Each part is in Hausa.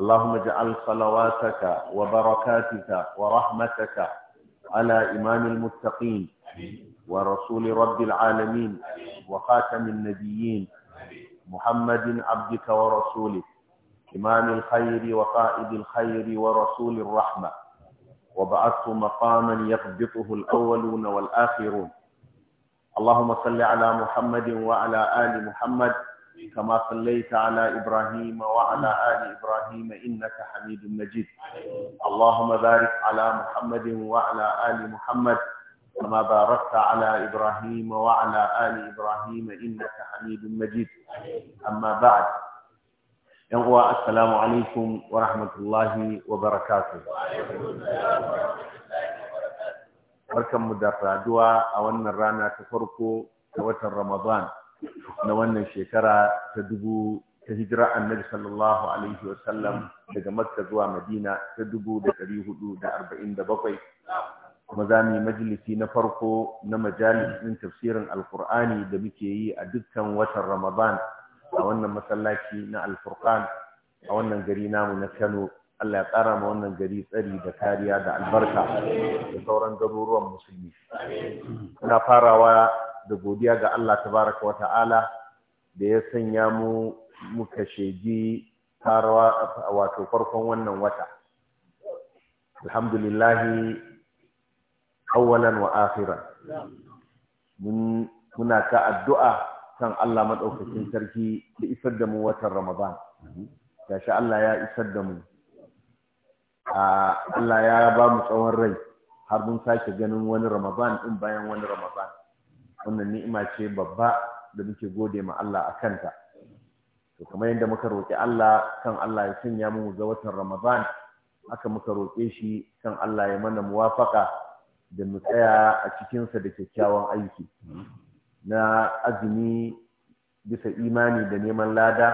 اللهم اجعل صلواتك وبركاتك ورحمتك على إمام المتقين ورسول رب العالمين وخاتم النبيين محمد عبدك ورسولك إمام الخير وقائد الخير ورسول الرحمة وبعثه مقاما يقبطه الأولون والآخرون اللهم صل على محمد وعلى آل محمد كما صليت على ابراهيم وعلى ال ابراهيم انك حميد مجيد اللهم بارك على محمد وعلى ال محمد كما باركت على ابراهيم وعلى ال ابراهيم انك حميد مجيد اما بعد يقوى السلام عليكم ورحمه الله وبركاته وعليكم السلام ورحمه الله وبركاته ورحمة ورحمة الله الله وبركاته بركه مدرجه او ان الرانا تفرقوا رمضان na wannan shekara ta dubu ta hijira annabi sallallahu alaihi sallam, daga makka zuwa madina ta dubu da ɗari hudu da arba'in da bakwai kuma za mu yi majalisi na farko na majalisin tafsirin alkur'ani da muke yi a dukkan watan ramadan a wannan masallaci na alfurqan a wannan gari namu na kano Allah ya tsara ma wannan gari tsari da kariya da albarka da sauran garuruwan musulmi. Muna farawa da godiya ga Allah tabaraka wata'ala da ya sanya mu muka shaidi tarawa wato farkon wannan wata alhamdulillahi awwalan wa akhiran muna ta addu'a kan Allah madaukakin sarki da isar da mu watan Ramadan gashi Allah ya isar da mu Allah ya ba mu tsawon rai har mun sake ganin wani Ramadan din bayan wani Ramadan wannan ni'ima ce babba da muke gode ma Allah a kanta to kamar yadda muka roƙi Allah kan Allah ya sanya mu ga watan Ramadan haka muka roƙe shi kan Allah ya mana muwafaka da mu tsaya a cikinsa da kyakkyawan aiki na azumi bisa imani da neman lada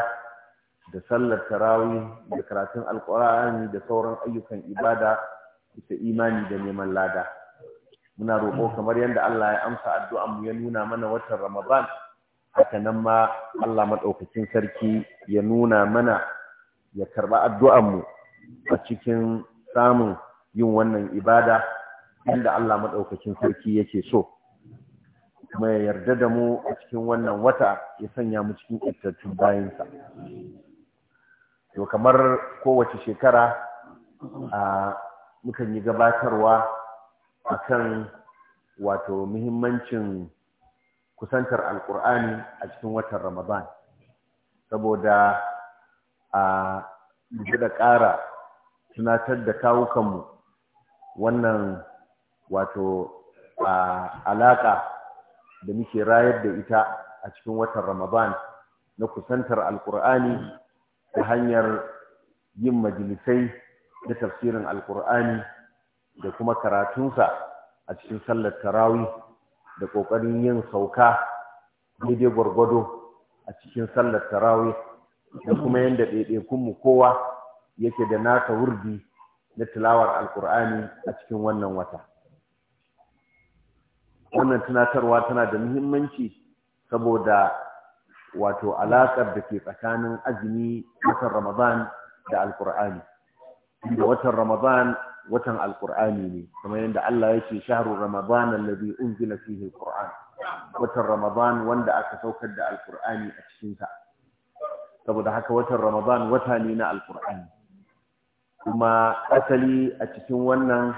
da sallar tarawi da karatun alƙur'ani da sauran ayyukan ibada bisa imani da neman lada muna roƙo kamar yadda Allah ya amsa addu'an mu ya nuna mana watan Ramadan haka nan ma Allah madaukakin sarki ya nuna mana ya karba addu'an mu a cikin samun yin wannan ibada inda Allah madaukakin sarki yake so kuma ya yarda da mu a cikin wannan wata ya sanya mu cikin bayin bayansa to kamar kowace shekara a mukan yi gabatarwa akan wato muhimmancin kusantar alkur'ani a cikin watan ramadan saboda a da ƙara tunatar da kawukanmu wannan wato alaƙa da muke rayar da ita a cikin watan ramadan na kusantar alkur'ani ta hanyar yin majalisai da tafsirin alkur'ani da kuma karatunsa a cikin sallar tarawih da ƙoƙarin yin sauka daidai gwargwado a cikin sallar tarawih da kuma yadda ɗaiɗaikunmu kowa yake da nasa wurdi na tilawar alkur'ani a cikin wannan wata wannan tunatarwa tana da muhimmanci saboda wato alaƙar da ke tsakanin azumi watan ramadan da alkur'ani inda watan ramadan watan alqur'ani ne kamar yadda Allah yake shahru ramadan alladhi unzila fihi alqur'an watan ramadan wanda aka saukar da alqur'ani a cikin sa saboda haka watan ramadan wata ne na alqur'ani kuma asali a cikin wannan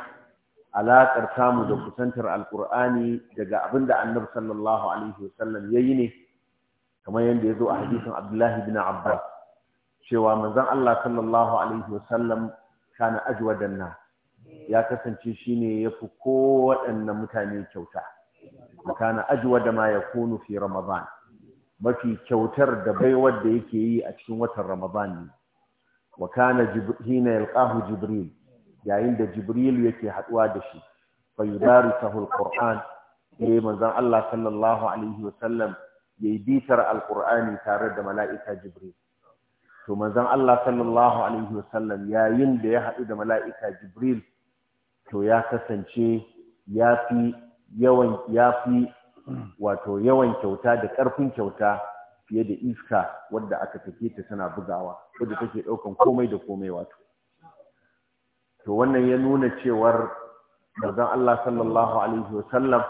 alaƙar samu da kusantar alqur'ani daga abin da annabi sallallahu alaihi wasallam ya ne kamar yadda ya zo a hadisin abdullahi bin abbas cewa manzon allah sallallahu alaihi wasallam kana ajwadan nas ya kasance shine yafi ko waɗannan mutane kyauta kana ajiwa da ma kunu fi ramadan mafi kyautar da baiwar da yake yi a cikin watan ramadan ne wa kana hina yalqahu jibril yayin da jibril yake haduwa da shi fa yudarisuhu alquran sai manzon Allah sallallahu alaihi wasallam yayi bitar alqurani tare da mala'ika jibril to manzon Allah sallallahu alaihi wasallam yayin da ya hadu da mala'ika jibril to ya kasance ya fi yawan ya fi wato yawan kyauta da ƙarfin kyauta fiye da iska wadda aka take ta tana bugawa wadda take ɗaukan komai da komai wato to wannan ya nuna cewar manzon Allah sallallahu alaihi wasallam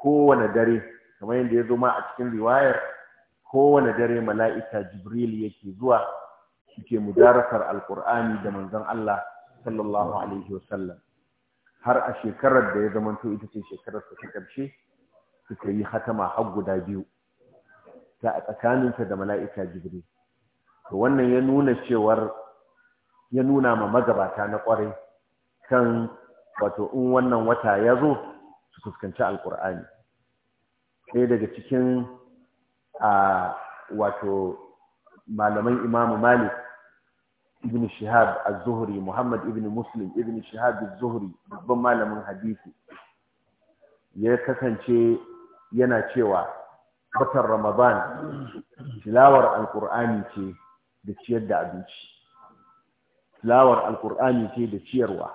kowane dare kamar yadda ya zo ma a cikin riwayar kowane dare mala'ika jibril yake zuwa suke mudarakar alkur'ani da manzon Allah sallallahu alaihi wasallam har a shekarar da ya zamanto ita ce shekarar ta ƙarshe suka yi hatama har guda biyu ta a tsakaninta da mala'ika jibril to wannan ya nuna cewar ya nuna ma magabata na kwarai kan wato in wannan wata ya zo su fuskanci alkur'ani ɗaya daga cikin a wato malaman imamu malik ibn shihab az-zuhri muhammad ibn muslim ibn shihab az-zuhri babban malamin hadisi ya kasance yana cewa watan ramadan tilawar alkur'ani ce da ciyar da abinci tilawar alkur'ani ce da ciyarwa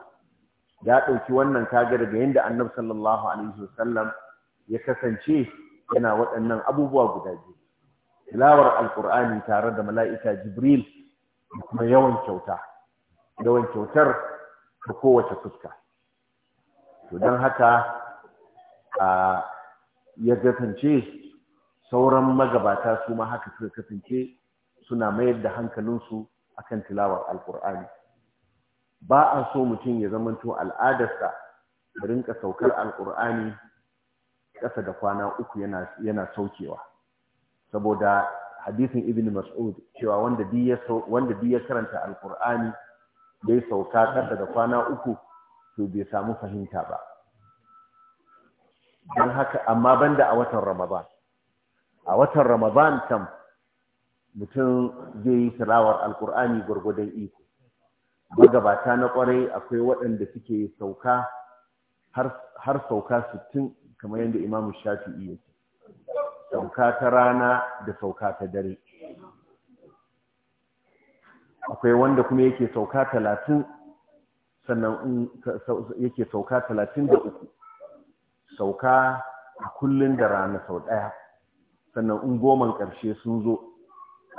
ya ɗauki wannan kaga daga yadda annabi sallallahu alaihi wasallam ya kasance yana waɗannan abubuwa guda biyu tilawar alkur'ani tare da mala'ika jibril da yawan kyauta yawan kyautar ta kowace fuska to don haka a ya kasance sauran magabata su ma haka suka kasance suna mayar da hankalinsu a kan tilawar alkur'ani ba a so mutum ya zamanto al'adarsa da rinka saukar alkur'ani ƙasa da kwana uku yana saukewa saboda hadisin ibn mas'ud cewa wanda duk ya karanta alkur'ani bai sauka kar da kwana uku to bai samu fahimta ba don haka amma banda a watan ramadan a watan ramadan kam mutum zai yi tilawar alkur'ani gwargwadon iko magabata na kwarai akwai waɗanda suke sauka har sauka sittin kamar yadda imamu shafi'i yake sauka ta rana da sauka ta dare akwai wanda kuma yake sauka talatin sannan yake sauka talatin da uku sauka a kullun da rana sau ɗaya sannan in goman ƙarshe sun zo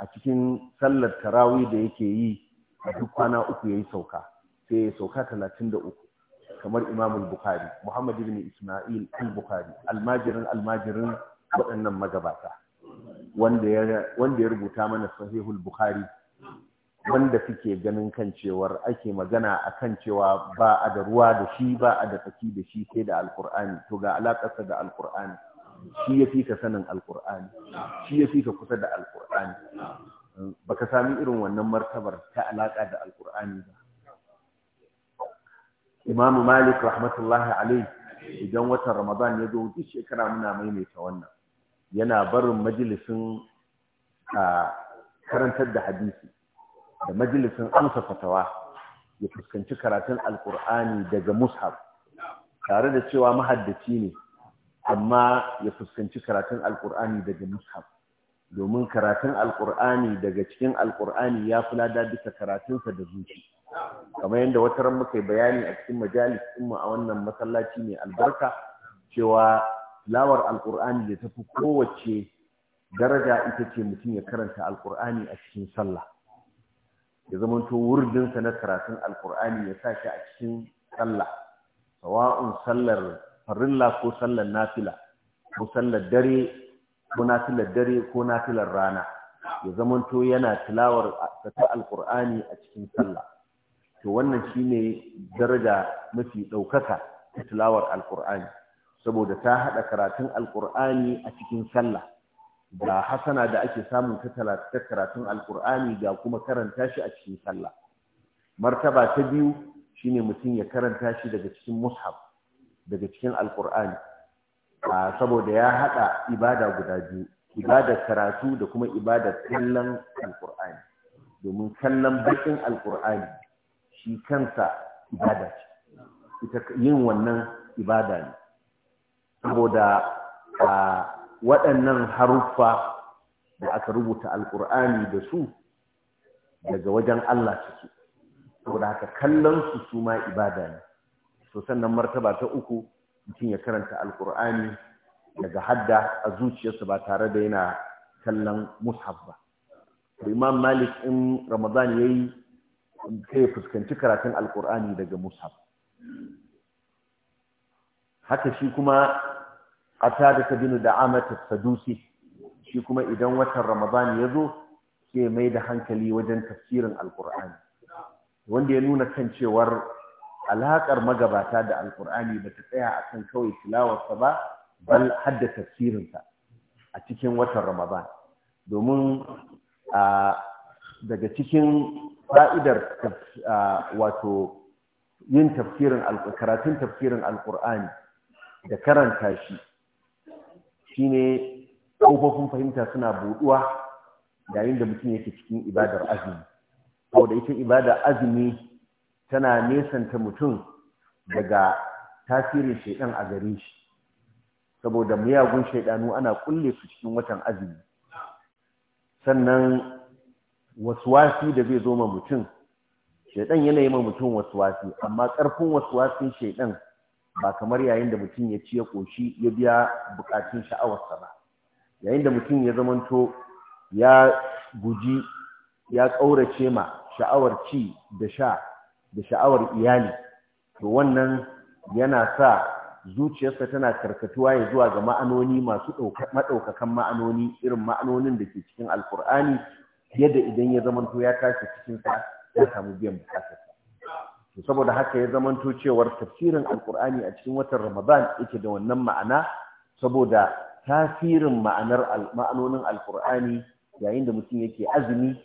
a cikin sallar tarawi da yake yi a duk kwana uku yayi sauka sai ya sauka talatin da uku kamar imamul bukhari muhammad ibn isma'il al-bukhari almajirin almajirin waɗannan magabata wanda ya rubuta mana sahihul bukhari wanda suke ganin kan cewar ake magana a kan cewa ba a da ruwa da shi ba a da tsaki da shi sai da alkur'ani to ga alaƙarsa da alkur'ani shi ya fi ka sanin alkur'ani shi ya fi ka kusa da alkur'ani baka sami irin wannan martabar ta alaƙa da alkur'ani ba imamu malik rahmatullahi alai idan watan ramadan ya zo duk shekara muna maimaita wannan yana barin majalisin a karantar da hadisi da majalisin amsa fatawa ya fuskanci karatun alkur'ani daga mushaf tare da cewa mahaddaci ne amma ya fuskanci karatun alkur'ani daga mushaf domin karatun alkur'ani daga cikin alkur'ani ya fi lada bisa karatunsa da zuci kamar yadda wata ran muka yi bayani a cikin majalis mu a wannan masallaci mai albarka cewa tilawar alkur'ani da tafi kowace daraja ita ce mutum ya karanta alkur'ani a cikin sallah ya zamanto wurdinsa na karatun alkur'ani ya sa shi a cikin sallah sawa'un sallar farilla ko sallar nafila ko sallar dare ko nafilar dare ko nafilar rana ya zamanto yana tilawar ta alkur'ani a cikin sallah to wannan shine daraja mafi ɗaukaka ta tilawar alkur'ani saboda ta haɗa karatun alƙur'ani a cikin sallah ga hasana da ake samun ta karatun alƙur'ani ga kuma karanta shi a cikin sallah martaba ta biyu shine mutum ya karanta shi daga cikin mushaf daga cikin alƙur'ani saboda ya haɗa ibada guda biyu ibada karatu da kuma ibadar kallon alƙur'ani domin kallon bakin alƙur'ani shi kansa ibada ce yin wannan ibada ne saboda waɗannan haruffa da aka rubuta alƙur'ani da su daga wajen Allah suke saboda haka kallon su su ma ibada ne to sannan martaba ta uku mutum ya karanta alƙur'ani daga hadda a zuciyarsa ba tare da yana kallon mushaf ba to imam malik in ramadan yayi sai ya fuskanci karatun alƙur'ani daga mushaf haka shi kuma da bin da as-sadusi shi kuma idan watan ramadan ya zo sai mai da hankali wajen tafsirin alqur'ani wanda ya nuna kan cewar alaƙar magabata da alkur'ani ba ta tsaya a kan kawai tilawarsa ba bal hadda tafsirinsa a cikin watan ramadan domin daga cikin fa'idar wato yin tafsirin karatun tafsirin alƙur'ani da karanta shi shi ne ƙofofin fahimta suna buɗuwa yayin da mutum yake cikin ibadar azumi da ita ibadar azumi tana nesanta mutum daga tasirin shaidan a gare shi saboda miyagun shaidanu ana kulle su cikin watan azumi sannan wasuwasi da zai zo ma mutum shaidan yana yi ma mutum wasuwasi amma ƙarfin wasuwasin shaidan ba kamar yayin da mutum ya ci ya ƙoshi ya biya bukatun sha'awarsa ba yayin da mutum ya zamanto ya guji ya ƙaurace ma sha'awar ci da sha da sha'awar iyali to wannan yana sa zuciyarsa tana karkatuwa ya zuwa ga ma'anoni masu maɗaukakan ma'anoni irin ma'anonin da ke cikin alkur'ani yadda idan ya zamanto ya tashi sa ya samu biyan bukatar saboda haka ya zamanto cewar tafsirin alkur'ani a cikin watan ramadan yake da wannan ma'ana saboda tasirin ma'anar ma'anonin alkur'ani yayin da mutum yake azumi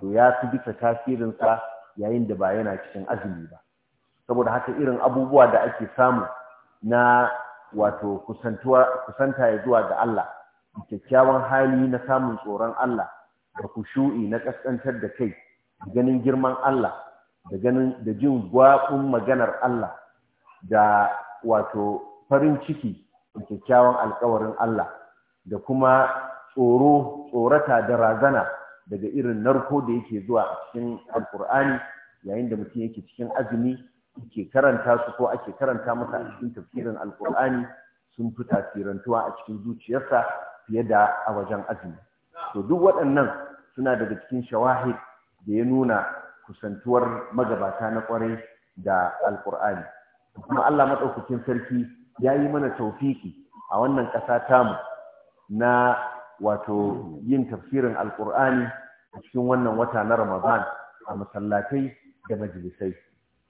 to ya fi bisa tasirinsa yayin da ba yana cikin azumi ba saboda haka irin abubuwa da ake samu na wato kusanta ya zuwa ga Allah kyakkyawan hali na samun tsoron Allah da kushu'i na kaskantar da kai ganin girman Allah da ganin da jin gwaƙun maganar Allah da wato farin ciki da kyakkyawan alkawarin Allah da kuma tsoro tsorata da razana daga irin narko da yake zuwa a cikin Alƙur'ani yayin da mutum yake cikin azumi ke karanta su ko ake karanta masa a cikin tafsirin alkur'ani sun fi tasirantuwa a cikin zuciyarsa fiye da a wajen azumi to duk waɗannan suna daga cikin shawahid da ya nuna kusantuwar magabata na kwarai da alkur'ani kuma Allah maɗaukakin sarki ya yi mana taufiki a wannan ƙasa tamu na wato yin tafsirin alkur'ani a cikin wannan wata na ramadan a masallatai da majalisai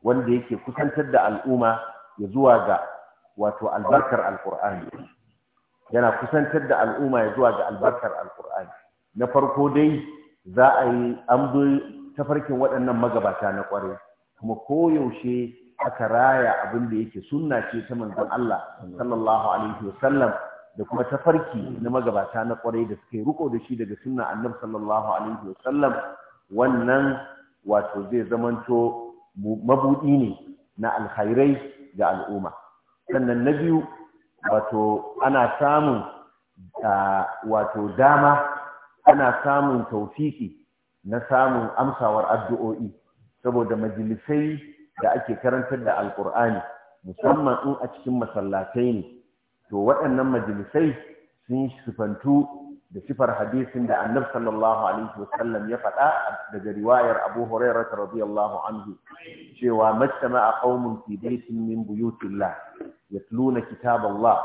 wanda yake kusantar da al'umma ya zuwa ga wato albarkar alkur'ani yana kusantar da al'umma ya zuwa ga albarkar alkur'ani na farko dai za a yi an tafarkin waɗannan magabata na ƙwarai kuma koyaushe aka raya abin da yake sunna ce ta manzon Allah sallallahu alaihi wasallam da kuma tafarki na magabata na ƙwarai da suka yi riko da shi daga sunna annabi sallallahu alaihi wasallam wannan wato zai zamanto mabudi ne na alkhairai ga al'umma sannan na biyu wato ana samun ah, wato dama ana samun taufiki na samun amsawar addu'o'i saboda majalisai da ake karantar da alƙur'ani musamman in a cikin masallatai ne to waɗannan majalisai sun sifantu da sifar hadisin da annabi sallallahu alaihi wasallam ya faɗa daga riwayar Abu Hurairah radiyallahu anhu cewa majtama'a qaumun fi baitin min buyutillah yatluna kitaballah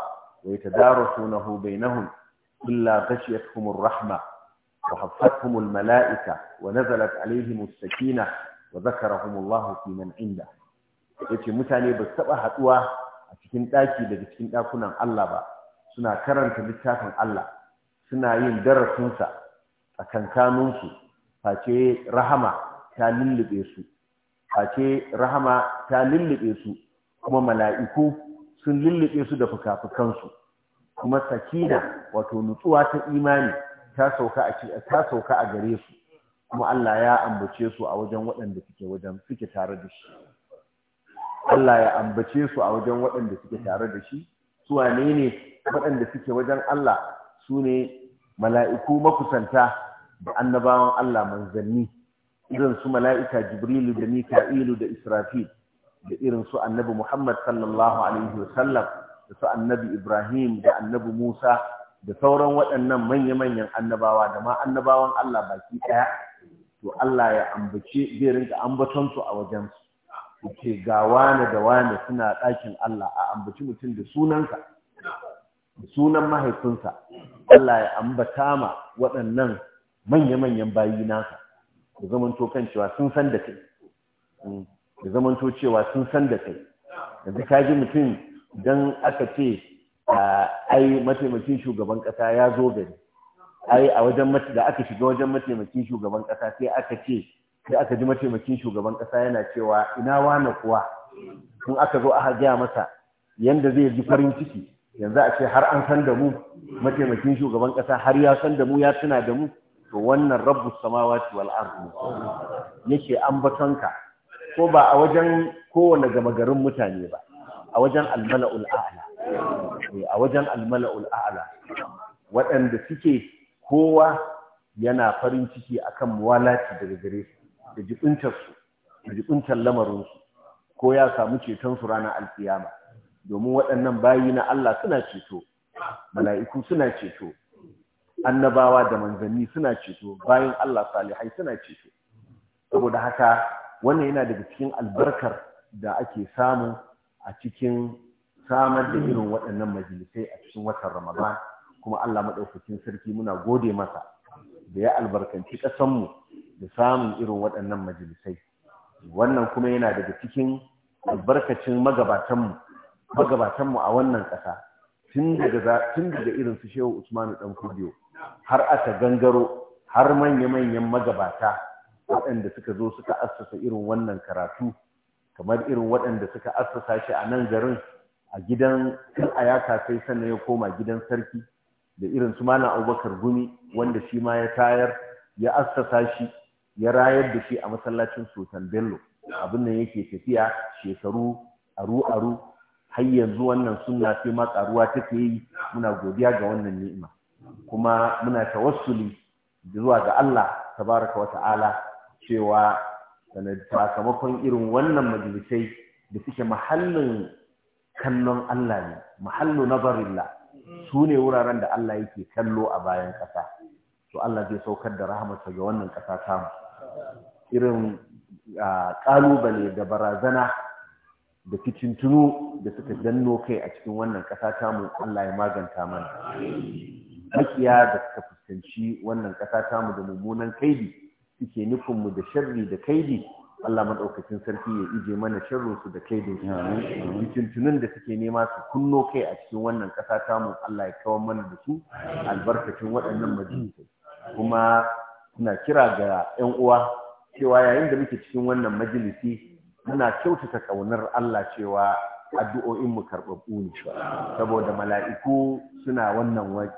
wa yatadarasunahu bainahum illa ghashiyatuhumur rahma. وحفتهم الملائكة ونزلت عليهم السكينة وذكرهم الله في من عنده yace mutane ba su taɓa haɗuwa a cikin ɗaki daga cikin ɗakunan Allah ba suna karanta littafin Allah suna yin darasinsa a kankanunsu face rahama ta lullube su face rahama ta lullube su kuma mala'iku sun lullube su da fuka-fukansu kuma sakina wato nutsuwa ta imani ta sauka a ta gare su kuma Allah ya ambace su a wajen waɗanda suke wajen suke tare da shi Allah ya ambace su a wajen waɗanda suke tare da shi su wane ne waɗanda suke wajen Allah su ne mala'iku makusanta da annabawan Allah manzanni irin su mala'ika Jibrilu da Mika'ilu da Israfil da irin su annabi Muhammad sallallahu alaihi wa sallam. da su annabi Ibrahim da annabi Musa da sauran waɗannan manya-manyan annabawa da ma annabawan Allah baki ɗaya to Allah ya ambace zai rinka ambaton su a wajen su ke ga wane da wane suna ɗakin Allah a ambaci mutum da sunansa da sunan mahaifinsa Allah ya ambata ma waɗannan manya-manyan bayi nasa da zamanto kan cewa sun san da kai da hmm. zamanto cewa sun san da kai yanzu ka mutum idan aka ce Ah, ai mataimakin shugaban ƙasa ya zo gari ai a wajen da aka shiga wajen mataimakin shugaban ƙasa sai aka ce sai aka ji mataimakin shugaban ƙasa yana cewa ina wane kuwa kun aka zo aka gaya masa yanda zai ji farin ciki yanzu a ce har an san da mu mataimakin shugaban ƙasa, har ya san da mu ya tuna da mu to wannan rabbus samawati wal ardi yake an ka ko ba a wajen kowane gama garin mutane ba a wajen almala'ul a'la Eh, a wajen almala'ul a'ala waɗanda suke kowa yana farin ciki akan muwalati daga gare su da jibintar da lamarin ko ya samu cetonsu su ranar alfiyama, domin waɗannan bayi na Allah suna ceto mala'iku suna ceto annabawa da manzanni suna ceto bayan Allah salihai suna ceto saboda haka wannan yana daga cikin albarkar da ake samu a cikin samar da irin waɗannan majalisai a cikin watan Ramadan kuma Allah maɗaukakin sarki muna gode masa da ya albarkanci ƙasanmu da samun irin waɗannan majalisai wannan kuma yana daga cikin albarkacin magabatanmu magabatanmu a wannan ƙasa tun daga tun daga irin su Shehu Usmanu Dan Kudiyo har aka gangaro har manya-manyan magabata waɗanda suka zo suka assasa irin wannan karatu kamar irin waɗanda suka assasa shi a nan garin a gidan a ya sai sannan ya koma gidan sarki da irin su malam abubakar gumi wanda shi ma ya tayar ya assasa shi ya rayar da shi a masallacin sultan bello abin nan yake tafiya shekaru aru aru har yanzu wannan sunna sai ma karuwa take yi muna godiya ga wannan ni'ima kuma muna tawassuli zuwa ga Allah tabaraka wa ta'ala cewa sakamakon irin wannan majalisai da suke mahallin kallon Allah ne mahallu barilla su ne wuraren da Allah yake kallo a bayan ƙasa to Allah zai saukar da rahamarsa ga wannan ƙasa tamu irin ƙalubale da barazana da fitintunu da suka danno kai a cikin wannan ƙasa tamu Allah ya maganta mana makiya da suka fuskanci wannan ƙasa tamu da mummunan kaidi suke nufinmu da sharri da kaidi Allah maɗaukacin sarki ya ije mana sharrinsu da kaidin su tuntunin da suke nema su kunno kai a cikin wannan ƙasa tamu Allah ya kawar mana da su albarkacin waɗannan majalisai kuma suna kira ga 'yan uwa cewa yayin da muke cikin wannan majalisi muna kyautata ƙaunar Allah cewa addu'o'in mu karɓaɓɓu ne saboda mala'iku suna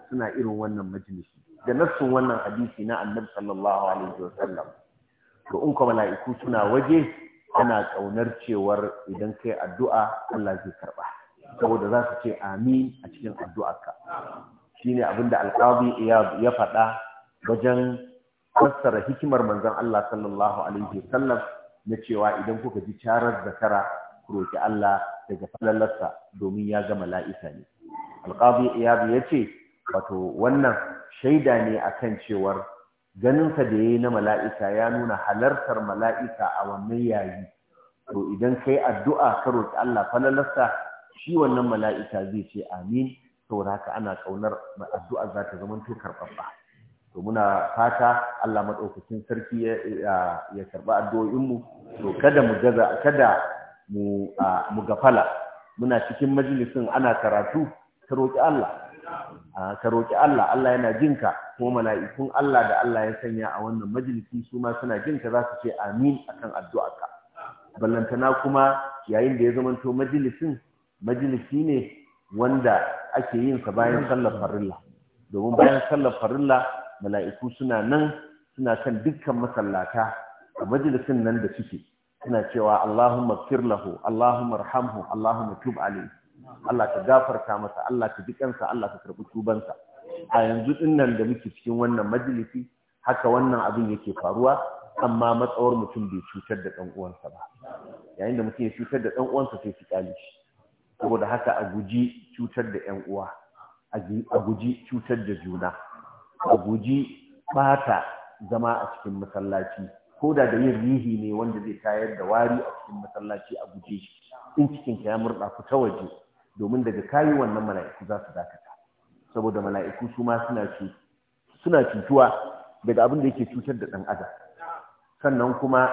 suna irin wannan majalisi da nassun wannan hadisi na annabi sallallahu alaihi wasallam to in kuma mala'iku suna waje ana kaunar cewar idan kai addu'a Allah zai karba saboda za su ce amin a cikin ka shine abinda alqabi ya faɗa wajen fassara hikimar manzon Allah sallallahu alaihi wasallam na cewa idan kuka ji carar zakara ku roki Allah daga falalarsa domin ya ga mala'ika ne alqabi ya ce wato wannan shaida ne akan cewar ganinsa da ya yi na mala'ika ya nuna halartar mala'ika a wannan yayi to idan kai addu'a ka roƙi Allah falalarsa shi wannan mala'ika zai ce amin saboda haka ana ƙaunar addu'a za ta zama to karɓaɓɓa to muna fata Allah maɗaukakin sarki ya karɓi addu'o'inmu to kada mu gaza kada mu gafala muna cikin majalisin ana karatu ka roƙi Allah ka roƙi Allah Allah yana jinka ko mala'ikun Allah da Allah ya sanya a wannan majalisi su ma suna jinka za su ce amin akan addu'arka ballantana kuma yayin da ya zama zamanto majalisin majalisi ne wanda ake yin sa bayan sallar farilla domin bayan sallar farilla mala'iku suna nan suna kan dukkan masallata a majalisin nan da suke suna cewa Allahumma firlahu Allahumma rahamhu, Allahumma tub alayhi Allah ka gafarta masa Allah ka ji kansa Allah ka karbi tubansa a yanzu din nan da muke cikin wannan majalisi haka wannan abin yake faruwa amma matsawar mutum bai cutar da ɗan uwansa ba yayin da mutum ya cutar da ɗan uwansa sai su kyale shi saboda haka a guji cutar da ƴan uwa a guji cutar da juna a guji bata zama a cikin masallaci ko da da yin rihi ne wanda zai tayar da wari a cikin masallaci a guje shi in cikin ya murɗa ku ta waje domin daga kayi wannan mala'iku za su dakata saboda mala'iku su ma suna cutuwa daga abin da yake cutar da ɗan adam sannan kuma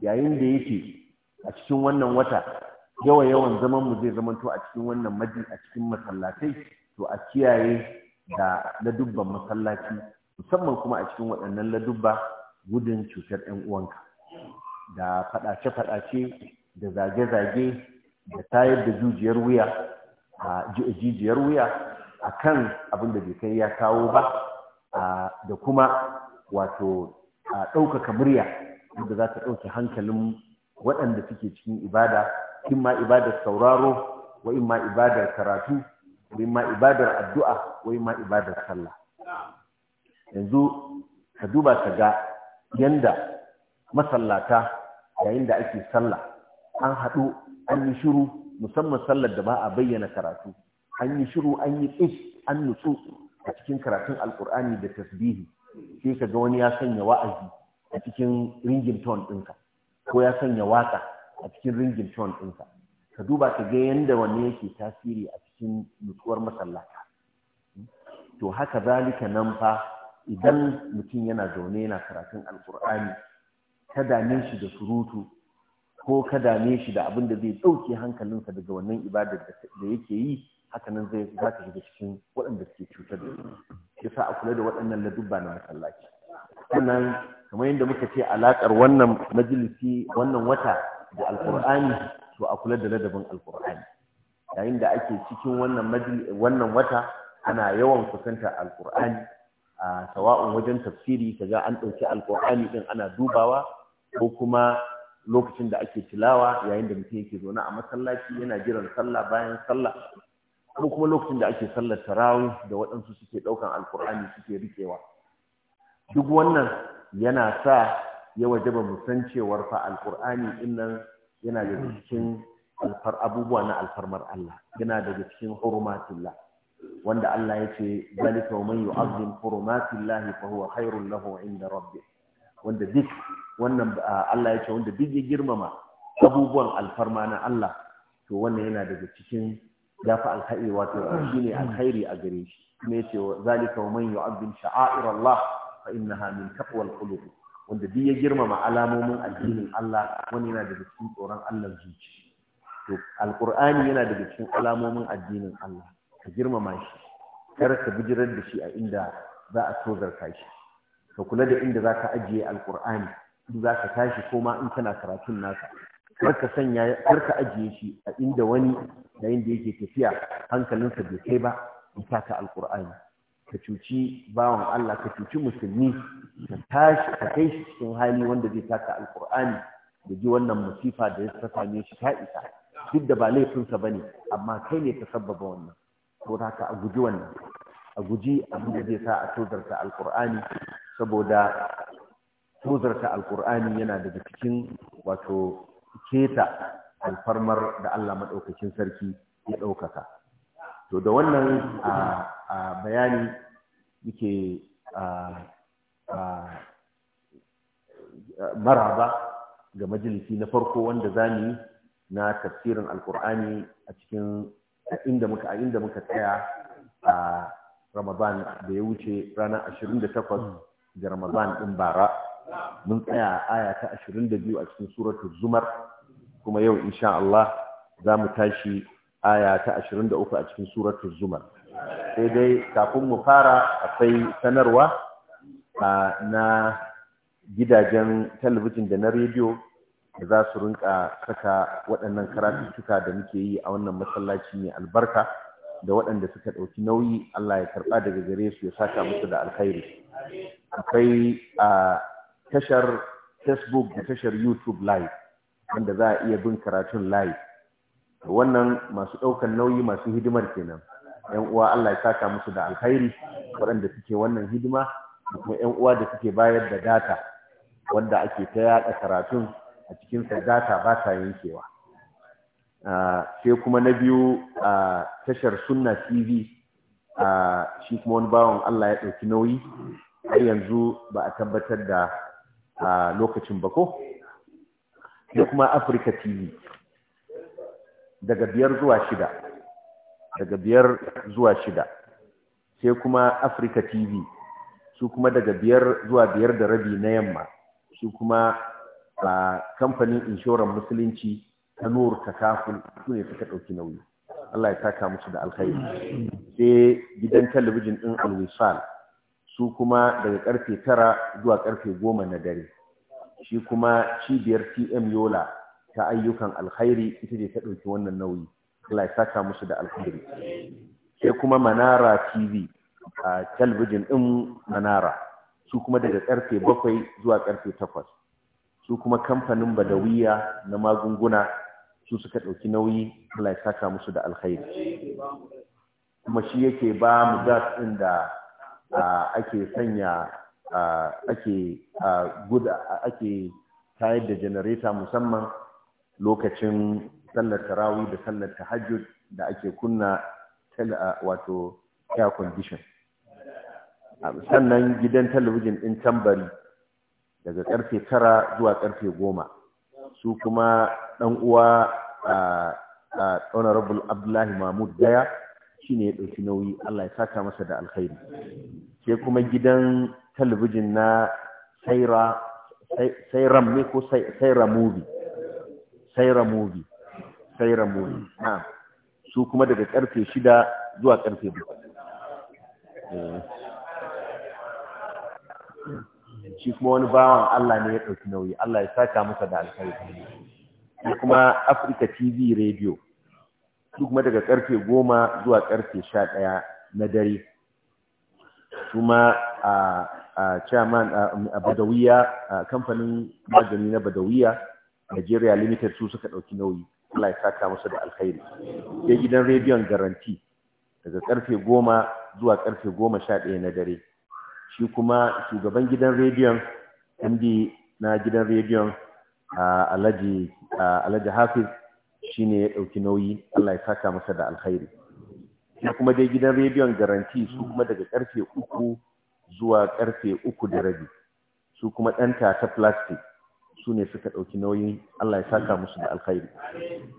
yayin da yake a cikin wannan wata yawa yawan zaman mu zai zamanto a cikin wannan maji a cikin masallatai to a kiyaye da ladubban masallaci musamman kuma a cikin waɗannan ladubba gudun cutar 'yan uwanka da faɗace-faɗace da zage-zage da tayar da jijiyar wuya jijiyar wuya a kan abin da bai kai ya kawo ba da kuma wato a ɗaukaka murya da za ta ɗauke hankalin waɗanda suke cikin ibada in ma ibadar sauraro wa in ma ibadar karatu wa in ma ibadar addu'a wa in ma ibadar sallah yanzu ka duba ka ga yanda masallata yayin da ake sallah an haɗu an yi shiru musamman sallar da ba a bayyana karatu an yi shiru an yi tsis an nutsu a cikin karatun alkur'ani da tasbihi sai ka ga wani ya sanya wa'azi a cikin ringin ton ɗinka ko ya sanya waka a cikin ringin ton ɗinka ka duba ka ga yadda wani yake tasiri a cikin nutsuwar masallata to haka zalika nan fa idan mutum yana zaune yana karatun alkur'ani ta dame shi da surutu ko ka dame shi da abin da zai ɗauke hankalinsa daga wannan ibadar da yake yi hakanan zai za ka shiga cikin waɗanda suke cutar da shi yasa a kula da waɗannan ladubba na masallaci sannan kamar yadda muka ce alaƙar wannan majalisi wannan wata da alƙur'ani to a kula da ladabin alƙur'ani yayin da ake cikin wannan wannan wata ana yawan kusantar alƙur'ani a sawa'un wajen tafsiri kaga an ɗauki alƙur'ani ɗin ana dubawa ko kuma lokacin da ake tilawa yayin da mutum yake zaune a masallaci yana jiran sallah bayan sallah ko kuma lokacin da ake sallar tarawih da waɗansu suke ɗaukan alkur'ani suke riƙewa duk wannan yana sa ya wajaba mu san cewar fa alkur'ani din nan yana daga cikin alfar abubuwa na alfarmar Allah yana daga cikin hurumatillah wanda Allah ya ce zalika man yu'azzim hurumatillahi fa huwa khairul lahu inda rabbih wanda duk wannan Allah ya ce wanda duk ya girmama abubuwan alfarma na Allah to wannan yana daga cikin dafa alkhairi wato shine alkhairi a gare shi kuma yace zalika wa man yu'azzim sha'air Allah fa innaha min taqwal qulub wanda duk ya girmama alamomin addinin Allah wani yana daga cikin tsoron Allah zuci to alqur'ani yana daga cikin alamomin addinin Allah ka girmama shi kar ka bijirar da shi a inda za a tozarta shi ka kula da inda za ka ajiye alqur'ani za ka tashi ko ma in kana karatun naka karka sanya kar ka ajiye shi a inda wani yayin da yake tafiya hankalinsa bai kai ba ya saka alqur'ani ka cuci bawan Allah ka cuci musulmi ka tashi ka kai shi cikin hali wanda zai saka alqur'ani da ji wannan musifa da ya same shi ta isa duk da ba laifinsa bane amma kai ne ka sabbaba wannan ko haka a guji wannan a guji abin da zai sa a tozarta alqur'ani saboda tozarta alkur'ani yana daga cikin wato keta alfarmar da Allah maɗaukakin sarki ya ɗaukaka to da wannan a bayani yake maraba ga majalisi na farko wanda za mu na tafsirin alkur'ani a cikin inda muka inda muka tsaya a ramadan da ya wuce ranar 28 ga ramadan din bara mun tsaya a aya ta 22 a cikin suratul zumar kuma yau insha Allah za mu tashi aya ta 23 a cikin suratul zumar sai dai kafin mu fara akwai sanarwa na gidajen talabijin da na rediyo da za su rinka saka waɗannan karatuttuka da muke yi a wannan masallaci mai albarka da waɗanda suka ɗauki nauyi Allah ya karɓa daga gare su ya saka musu da alkhairi akwai a tashar facebook da tashar youtube live wanda za a iya bin karatun live wannan masu ɗaukar nauyi masu hidimar kenan yan uwa Allah ya saka musu da alkhairi waɗanda suke wannan hidima da kuma yan uwa da suke bayar da data wanda ake ta yaɗa karatun a cikin sa data ba ta yankewa sai kuma na biyu a tashar sunna tv shi kuma wani bawan Allah ya ɗauki nauyi har yanzu ba a tabbatar da a lokacin bako da kuma Afirka TV daga biyar zuwa shida daga biyar zuwa shida sai kuma Afirka TV su kuma daga biyar zuwa biyar da rabi na yamma su kuma a kamfanin inshoran musulunci ta nur takaful su ne suka ɗauki nauyi Allah ya taka musu da alkhairi sai gidan talabijin ɗin alwisal su kuma daga karfe tara zuwa karfe goma na dare shi kuma cibiyar tm yola ta ayyukan alkhairi ita ce ta ɗauki wannan nauyi Allah ya saka musu da alkhairi sai kuma manara tv a talbijin ɗin manara su kuma daga karfe bakwai zuwa karfe takwas su kuma kamfanin badawiya na magunguna su suka ɗauki nauyi Allah ya saka musu da alkhairi kuma shi yake ba mu gas ɗin da ake sanya ake guda ake tayar da janareta musamman lokacin sallar tarawi da sallar tahajjud da ake kunna wato air condition sannan gidan talabijin din tambari daga karfe tara zuwa karfe goma su kuma dan uwa honorable abdullahi mahmud Daya. Shi ne ya ɗauki nauyi Allah ya saka masa da alkhairi sai kuma gidan talabijin na saira sairam ne ko saira movie saira movie saira movie na su kuma daga karfe shida zuwa karfe 7 eh. shi kuma wani bawan Allah ne ya ɗauki nauyi Allah ya saka masa da alkhairi kuma Africa TV radio duk ma daga karfe goma zuwa karfe sha ɗaya na dare kuma a a chairman a badawiya a kamfanin magani na badawiya Nigeria Limited su suka ɗauki nauyi Allah ya saka musu da alkhairi sai gidan rediyon garanti daga karfe goma zuwa karfe goma sha ɗaya na dare shi kuma shugaban gidan rediyon md na gidan rediyon a alhaji hafiz shine ya ɗauki nauyi Allah ya saka masa da alkhairi sai kuma dai gidan rediyon garanti su kuma daga karfe uku zuwa karfe uku da rabi su kuma ɗanta ta plastic su ne suka ɗauki nauyin Allah ya saka musu da alkhairi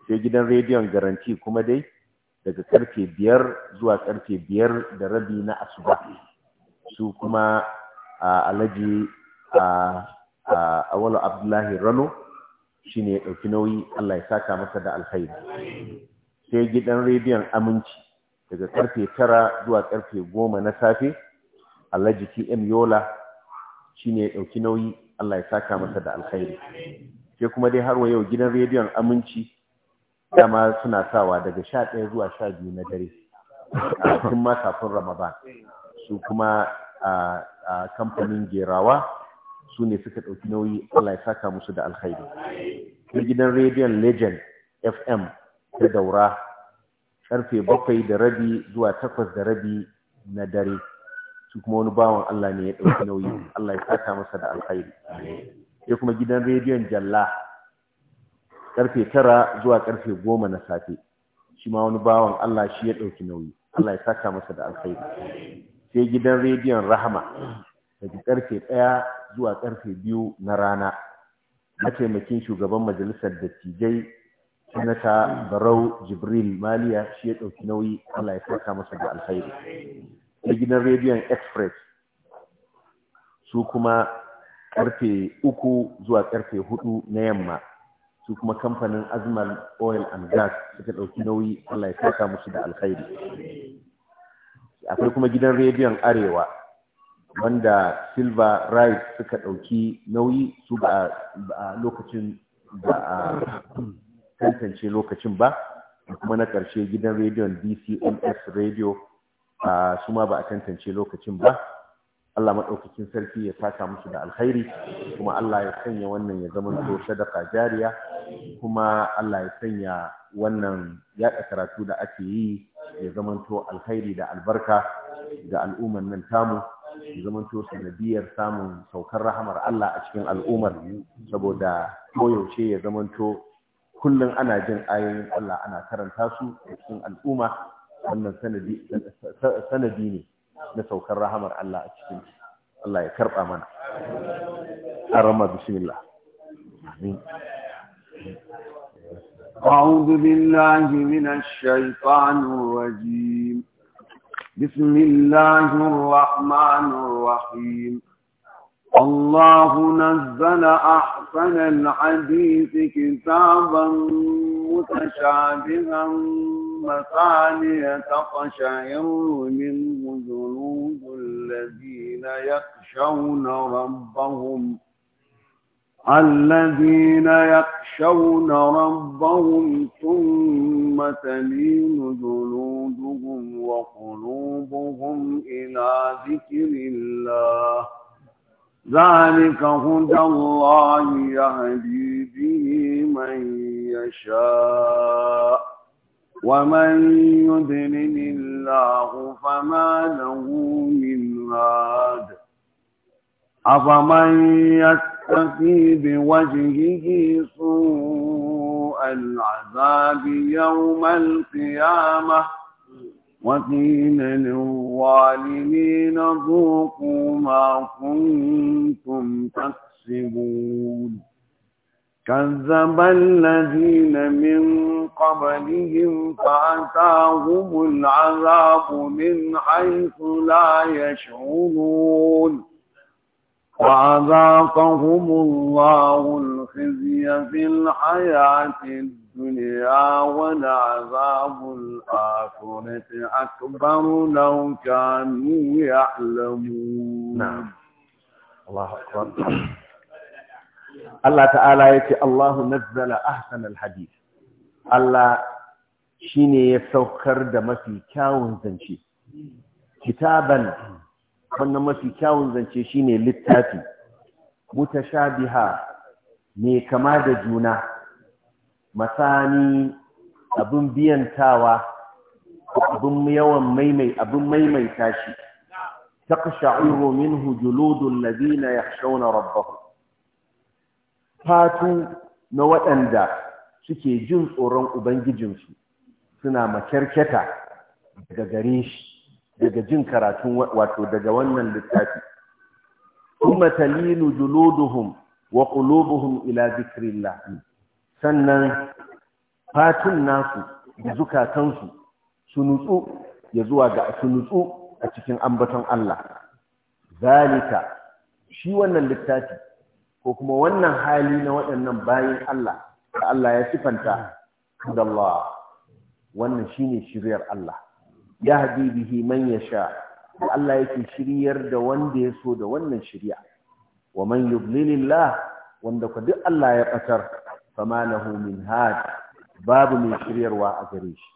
sai gidan rediyon garanti kuma dai daga karfe biyar zuwa karfe biyar da rabi na asuba su kuma a alaji a wala abdullahi rano shine ya ɗauki nauyi Allah ya saka masa da alkhairi sai gidan rediyon aminci daga karfe tara zuwa karfe goma na safe alhaji TM Yola shine ya ɗauki nauyi Allah ya saka masa da alkhairi sai kuma dai har wa yau gidan rediyon aminci dama suna sawa daga sha ɗaya zuwa sha biyu na dare tun ma kafin Ramadan su kuma a kamfanin gerawa su ne suka ɗauki nauyi Allah ya saka musu da alkhairi ta gidan rediyon legend fm ta daura karfe bakwai da rabi zuwa takwas da rabi na dare su kuma wani bawan Allah ne ya ɗauki nauyi Allah ya saka masa da alkhairi sai kuma gidan rediyon jalla karfe tara zuwa karfe goma na safe shi ma wani bawan Allah shi ya ɗauki nauyi Allah ya saka masa da alkhairi sai gidan rediyon rahama daga karfe ɗaya zuwa karfe biyu na rana mataimakin shugaban majalisar dattijai sanata barau jibril maliya shi ya ɗauki nauyi allah ya saka masa da alkhairi ta gidan rediyon express su kuma karfe uku zuwa karfe hudu na yamma su kuma kamfanin azman oil and gas suka ɗauki nauyi allah ya saka musu da alkhairi akwai kuma gidan rediyon arewa wanda silver rice suka ɗauki nauyi su ba a lokacin ba a tantance lokacin ba kuma na ƙarshe gidan rediyon dcms radio a su ma ba a tantance lokacin ba Allah maɗaukakin sarki ya saka musu da alkhairi kuma Allah ya sanya wannan ya zama to sadaka jariya kuma Allah ya sanya wannan yaɗa karatu da ake yi ya zama to alkhairi da albarka ga al'umman nan tamu zamanto sanadiyar samun saukar rahamar Allah a cikin al'ummar saboda koyaushe ya zamanto kullum ana jin ayoyin Allah ana karanta su a cikin al'umma wannan sanadi ne na saukar rahamar Allah a cikin Allah ya karba mana rama bismillah amin أعوذ بالله من الشيطان الرجيم بسم الله الرحمن الرحيم الله نزل أحسن الحديث كتابا متشابها مثانية تقشعر منه جنود الذين يخشون ربهم الذين يخشون ربهم ثم تلين جلودهم وقلوبهم إلى ذكر الله ذلك هدى الله يهدي به من يشاء ومن يدلل الله فما له من هاد أفمن يَسْتَقِي بوجهه سوء العذاب يوم القيامة وقيل للظالمين ذوقوا ما كنتم تكسبون كذب الذين من قبلهم فأتاهم العذاب من حيث لا يشعرون وعذاقهم الله الخزي في الحياة الدنيا والعذاب الآخرة أكبر لو كانوا يعلمون نعم الله أكبر الله تعالى يتي الله نزل أحسن الحديث الله شيني يسوكر دمسي كاون زنشي كتابا wannan mafi kyawun zance shine littafi mutashabiha ne kama da juna masani abin biyantawa abin yawan maimai abin maimaita shi taqsha'u minhu juludul ladina yakhshawna rabbahum fatu na waɗanda suke jin tsoron ubangijinsu suna makyarketa daga gare shi daga jin karatun wato daga wannan littafi kuma talilu juluduhum wa qulubuhum ila zikrillah sannan fatun nasu da zukatansu su nutsu ya zuwa ga su nutsu a cikin ambaton Allah zalika shi wannan littafi ko kuma wannan hali na waɗannan bayin Allah da Allah ya sifanta da Allah wannan shine shiryar Allah yahdi bihi man yasha Allah yake shiryar da wanda ya so da wannan shiriya wa man yudlilillah wanda ku duk Allah ya fatar fama lahu min had babu mai shiryarwa a gare shi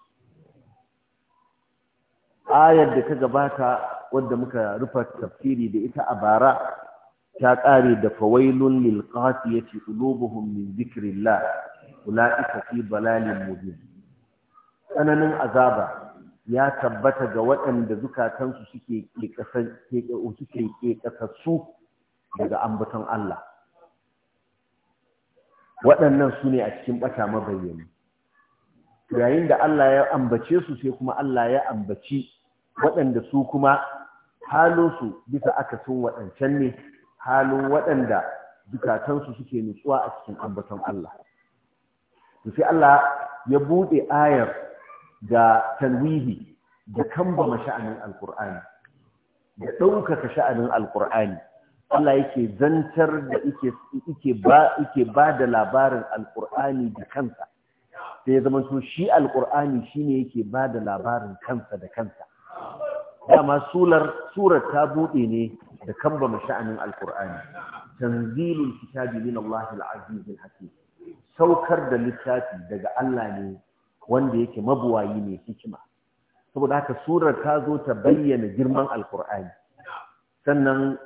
ayar da ta gabata wadda muka rufa tafsiri da ita a bara ta ƙare da fawailun lil qatiyati qulubuhum min dhikrillah ulaika fi dalalin mubin tsananin azaba ya tabbata ga waɗanda zukatansu suke ƙeƙasassu daga ambaton Allah waɗannan su ne a cikin ɓata mabayyani yayin da Allah ya ambace su sai kuma Allah ya ambaci waɗanda su kuma halosu bisa akasin waɗancan ne halin waɗanda zukatansu suke nutsuwa a cikin ambaton Allah. sai Allah ya buɗe ayar Ga tanwihi da kambama sha'anin alkur'ani da ɗaukaka sha'anin alkur'ani Allah yake zantar da yake ba da labarin alkur'ani da kansa sai ya zama shi alkur'ani shine yake ba da labarin kansa da kansa dama sular surar ta buɗe ne da kambama sha'anin alkur'ani tanzilul kitabi min Allah al-aziz al-hakim saukar da littafi daga Allah ne wanda yake mabuwayi mai hikima saboda haka surar ta zo ta bayyana girman alkur'ani sannan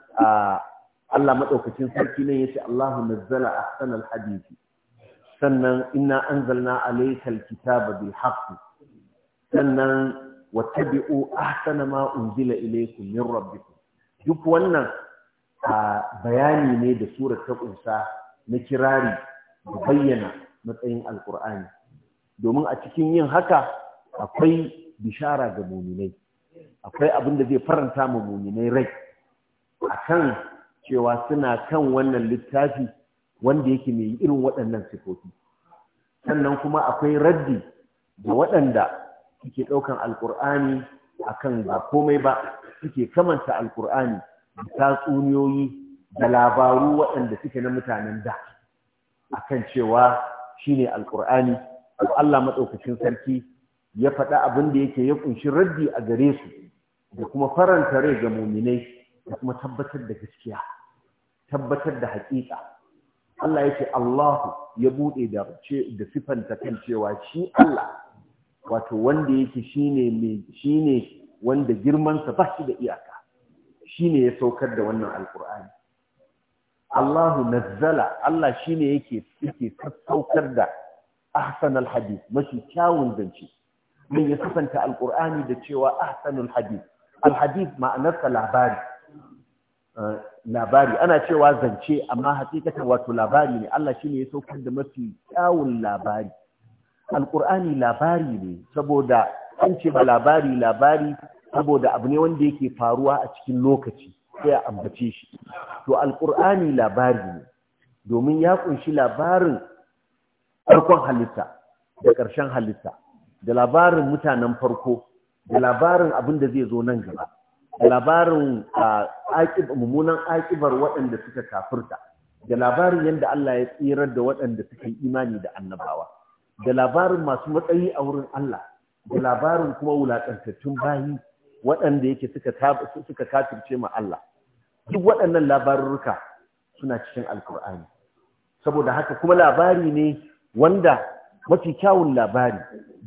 Allah madaukakin sarki ne yace Allahu nazzala ahsanal hadisi sannan inna anzalna alaykal kitaba bil haqq sannan wattabi'u ahsana ma unzila ilaykum min rabbikum duk wannan bayani ne da surar ta kunsa na kirari da bayyana matsayin alkur'ani domin a cikin yin haka akwai bishara ga muminai akwai abin da zai faranta ma muminai rai akan cewa suna kan wannan littafi wanda yake mai irin waɗannan sifofi sannan kuma akwai raddi ga waɗanda suke ɗaukan alƙur'ani akan ba komai ba suke kamanta alƙur'ani da tatsuniyoyi da labaru waɗanda suke na mutanen da akan cewa shi shine alƙur'ani Allah maɗaukacin sarki ya faɗa abin da yake ya ƙunshi raddi a gare su da kuma faranta rai ga muminai da kuma tabbatar da gaskiya tabbatar da haƙiƙa Allah yake Allahu ya buɗe da da sifanta kan cewa shi Allah wato wanda yake shine mai shine wanda girmansa ba shi da iyaka shine ya saukar da wannan alkur'ani Allahu nazzala Allah shine yake yake sassaukar da ahsanal hadith mafi kyawun zance min ya sifanta alqur'ani da cewa ahsanul hadith alhadith ma'anarsa labari labari ana cewa zance amma hakikatan wato labari ne Allah shine ya saukar da mafi kyawun labari alqur'ani labari ne saboda an ce labari labari saboda abu ne wanda yake faruwa a cikin lokaci sai a ambace shi to alqur'ani labari ne domin ya kunshi labarin farkon halitta da ƙarshen halitta da labarin mutanen farko da labarin abin da zai zo nan gaba da labarin mummunan aƙibar waɗanda suka kafurta, da labarin yadda Allah ya tsirar da waɗanda suka yi imani da annabawa da labarin masu matsayi a wurin Allah da labarin kuma wulaƙantattun bayi waɗanda yake suka kafirce ma Allah duk waɗannan labarurruka suna cikin alkur'ani saboda haka kuma labari ne wanda mafi kyawun labari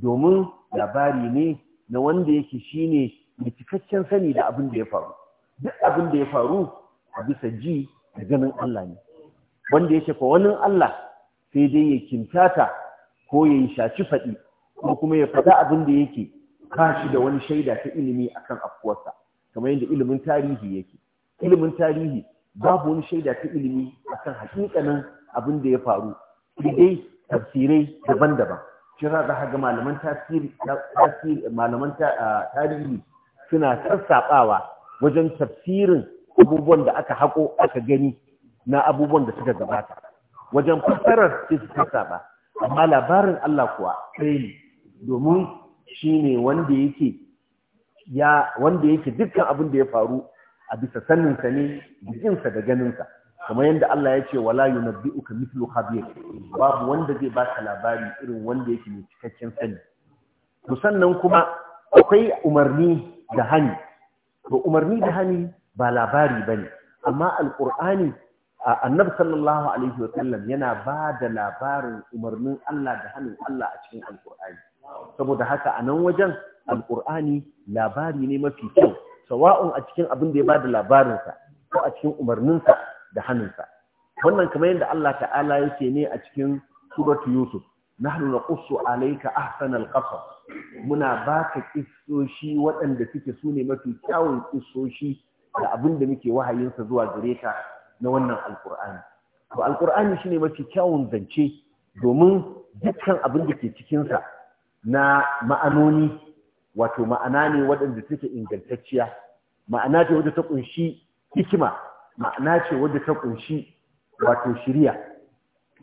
domin labari ne na wanda yake shine mai cikakken sani da abin da ya faru duk abin da ya faru a bisa ji da ganin Allah ne wanda yake fa wani Allah sai dai ya kintata ko ya yi shaci faɗi ko kuma ya faɗa abin da yake kashi da wani shaida ta ilimi akan afkuwarsa kamar yadda ilimin tarihi yake ilimin tarihi babu wani shaida ta ilimi akan hakikanin abin da ya faru sai dai tafsirai daban-daban shi za ka ga malaman tasiri malaman tarihi suna sassaɓawa wajen tafsirin abubuwan da aka haƙo aka gani na abubuwan da suka gabata wajen fassarar sai su sassaɓa amma labarin Allah kuwa ɗaya ne domin shi ne wanda yake ya wanda yake dukkan abin da ya faru a bisa saninsa ne jikinsa da ganinsa kamar yadda Allah ya ce wala yunabbi'uka mithlu khabir babu wanda zai baka labari irin wanda yake mai cikakken sani to sannan kuma akwai umarni da hani to umarni da hani ba labari bane amma alqur'ani annabi sallallahu alaihi wa sallam yana ba da labarin umarnin Allah da hanin Allah a cikin alqur'ani saboda haka a nan wajen alqur'ani labari ne mafi kyau sawa'un a cikin abin da ya ba da labarinsa ko a cikin umarninsa da hannunsa wannan kamar yadda Allah ta'ala yake ne a cikin suratu Yusuf nahnu naqussu alayka ahsanal qasas muna baka kissoshi waɗanda suke sune mafi kyawun kissoshi da abinda da muke wahayinsa zuwa gare ka na wannan alqur'ani to alqur'ani shine mafi kyawun zance domin dukkan abin da ke cikinsa na ma'anoni wato ma'ana ne waɗanda suke ingantacciya ma'ana ce wadda ta kunshi hikima ma'ana ce wadda ta kunshi wato shiriya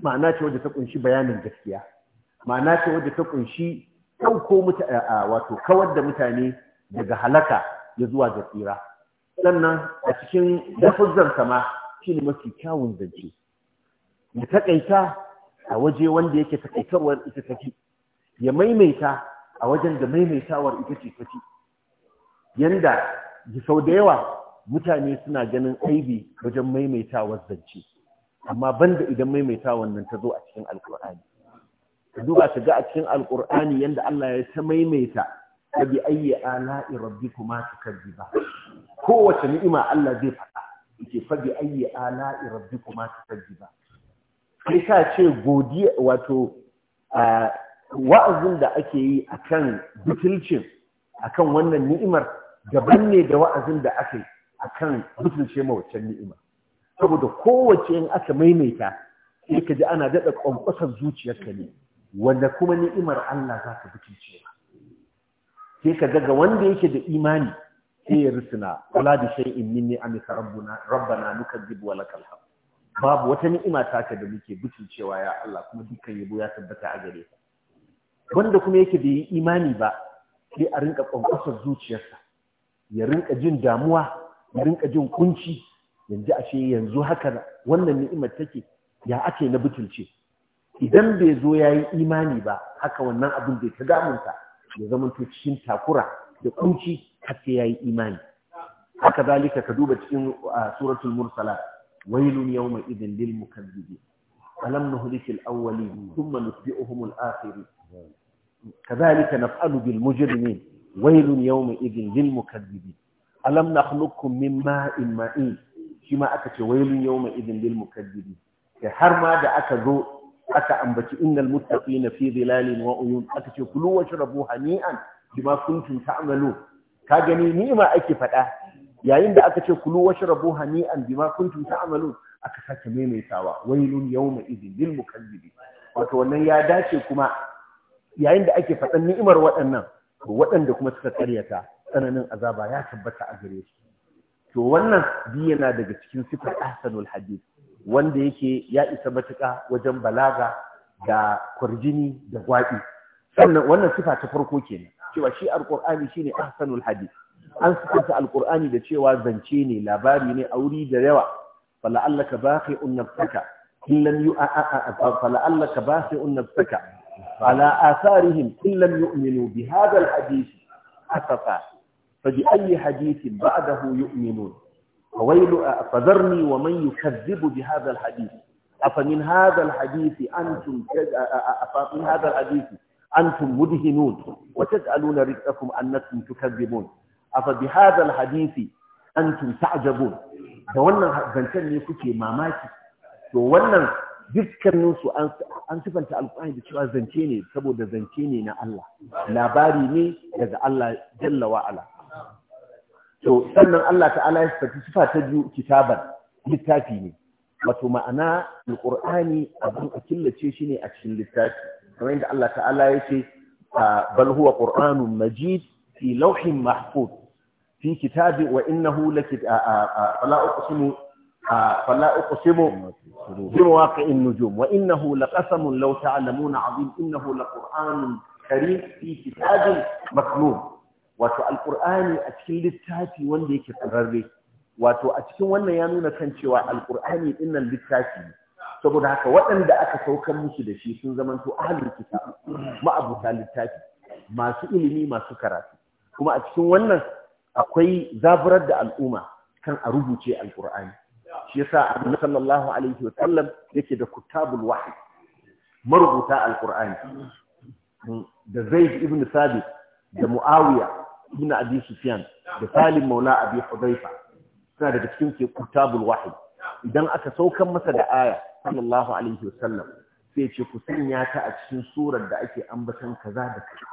ma'ana ce wadda ta kunshi bayanin gaskiya ma'ana ce wadda ta kunshi ɗauko wato kawar da mutane daga halaka ya zuwa ga tsira sannan a cikin lafuzzar sama ne mafi kyawun zance ya taƙaita a waje wanda yake taƙaitarwar ita tafi ya maimaita a wajen da maimaitawar ita ce tafi yanda sau da yawa mutane suna ganin aibi wajen maimaitawar zance amma banda idan maimaita wannan ta zo a cikin alkur'ani ka duba ka ga a cikin alkur'ani yanda Allah ya ta maimaita ka bi ayyi ala'i rabbikuma tukazziba kowace ni'ima Allah zai faɗa yake fa bi ayyi ala'i rabbikuma tukazziba kai ka ce godiya wato wa'azin da ake yi akan butulcin akan wannan ni'imar daban ne da wa'azin da aka yi akan mutunce ma waccan ni'ima saboda kowace in aka maimaita sai ka ji ana daɗa ƙwanƙwasar zuciyarka ne wanda kuma ni'imar Allah za ka mutunce cewa. sai ka ga wanda yake da imani sai ya rusuna kula da shay'in min ni'amika rabbuna rabbana nukadzib wa lakalha babu wata ni'ima taka da muke cewa ya Allah kuma dukkan yabo ya tabbata a gare ka wanda kuma yake da yi imani ba sai a rinka ƙwanƙwasar zuciyarsa ya rinka jin damuwa na rinka jin kunci yanzu ashe yanzu haka wannan ni'imar take ya ake na butulce idan bai zo ya yi imani ba haka wannan abin bai ta damunta ya zama cikin takura da kunci har sai ya yi imani haka zalika ka duba cikin suratul mursalat wailun yawma idin lil mukazzibin alam nuhlik al awwalin thumma nutbi'uhum al akhirin kadhalika naf'alu bil mujrimin wailun yawma idin lil mukazzibin alam nakhluqukum min ma'in ma'in shi ma aka ce wailun yawma idin lil mukaddibin kai har ma da aka zo aka ambaci innal na fi dhilalin wa uyun aka ce kulu washrabu hani'an kuntun ta ta'malu ka gani ni'ima ake faɗa yayin da aka ce kulu washrabu hani'an kuntun ta ta'malu aka sake maimaitawa wailun yau yawma idin lil mukaddibin wato wannan ya dace kuma yayin da ake faɗan ni'imar waɗannan waɗanda kuma suka karyata tsananin azaba ya tabbata a gare su to wannan bi yana daga cikin sifar ahsanul hadith wanda yake ya isa matuƙa wajen balaga da kurjini da gwaɓi sannan wannan sifa ta farko kenan cewa shi alqur'ani shine ahsanul hadith an sifanta alqur'ani da cewa zance ne labari ne auri da yawa fala allaka baqi'un nafsaka in lam yu'a fala allaka baqi'un nafsaka ala atharihim in lam yu'minu bi hadha alhadith asafa فبأي حديث بعده يؤمنون فويل فذرني ومن يكذب بهذا الحديث أفمن هذا الحديث أنتم أفمن هذا الحديث أنتم مدهنون وتجعلون رزقكم أنكم تكذبون أفبهذا الحديث أنتم تعجبون da wannan zancen ne kuke mamaki to wannan dukkaninsu an sifanta alƙur'ani da cewa zance ne saboda zance ne na Allah labari ne daga Allah jalla wa'ala to sannan Allah ta'ala ya saki sifa ta biyu kitaban littafi ne wato ma'ana alqur'ani abin a killace shi ne a cikin littafi kamar yadda Allah ta'ala ya ce bal huwa qur'anun majid fi lawhin mahfuz fi kitabi wa innahu lakit fala wa فلا أقسم بمواقع النجوم وإنه لقسم لو تعلمون عظيم إنه Qur'anun كريم في kitabin maknun. wato alqur'ani a cikin littafi wanda yake tsararre wato a cikin wannan ya nuna kan cewa alqur'ani dinnan littafi ne. saboda haka waɗanda aka saukar musu da shi sun zamanto ahlul kitab ma'abuta littafi masu ilimi masu karatu kuma a cikin wannan akwai zaburar da al'umma kan a rubuce alqur'ani shi yasa annabi sallallahu alaihi wasallam yake da kutabul wahyi marubuta alqur'ani da zaid ibn sabit da muawiya ibn abi sufyan da salim maula abi hudayfa suna daga cikin ke kutabul wahyi idan aka saukan masa da aya sallallahu alaihi wasallam sai ce ku sanya ta a cikin surar da ake ambaton kaza da kaza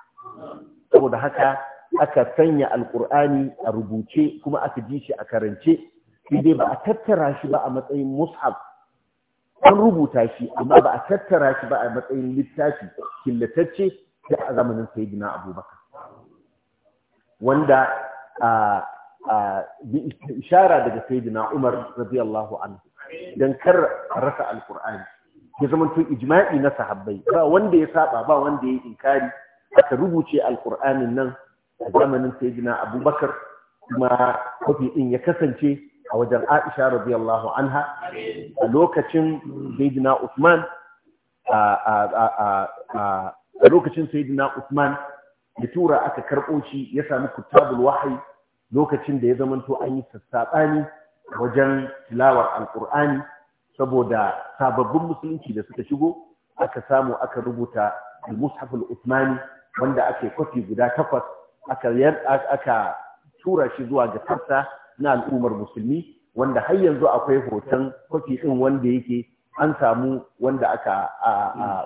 saboda haka aka sanya alqur'ani a rubuce kuma aka ji shi a karance sai dai ba a tattara shi ba a matsayin mushaf an rubuta shi amma ba a tattara shi ba a matsayin littafi killatacce da a zamanin sayyidina abubakar wanda ishara daga sayyidina Umar radiyallahu anhu dan kar rasa alqur'ani ya zama to ijma'i na sahabbai ba wanda ya saba ba wanda ya inkari aka rubuce alqur'anin nan a zamanin sayyidina Abubakar kuma kofi din ya kasance a wajen Aisha radiyallahu anha a lokacin sayyidina Uthman a lokacin sayyidina Uthman da tura aka karɓo shi ya sami kutabul wahayi lokacin da ya zamanto an yi sassaɓani wajen tilawar alƙur'ani saboda sababbin musulunci da suka shigo aka samu aka rubuta al usmani Usmani, wanda ake kwafi guda takwas aka tura shi zuwa ga tarsa na al'ummar musulmi wanda har yanzu akwai hoton kwafi ɗin wanda yake an samu wanda aka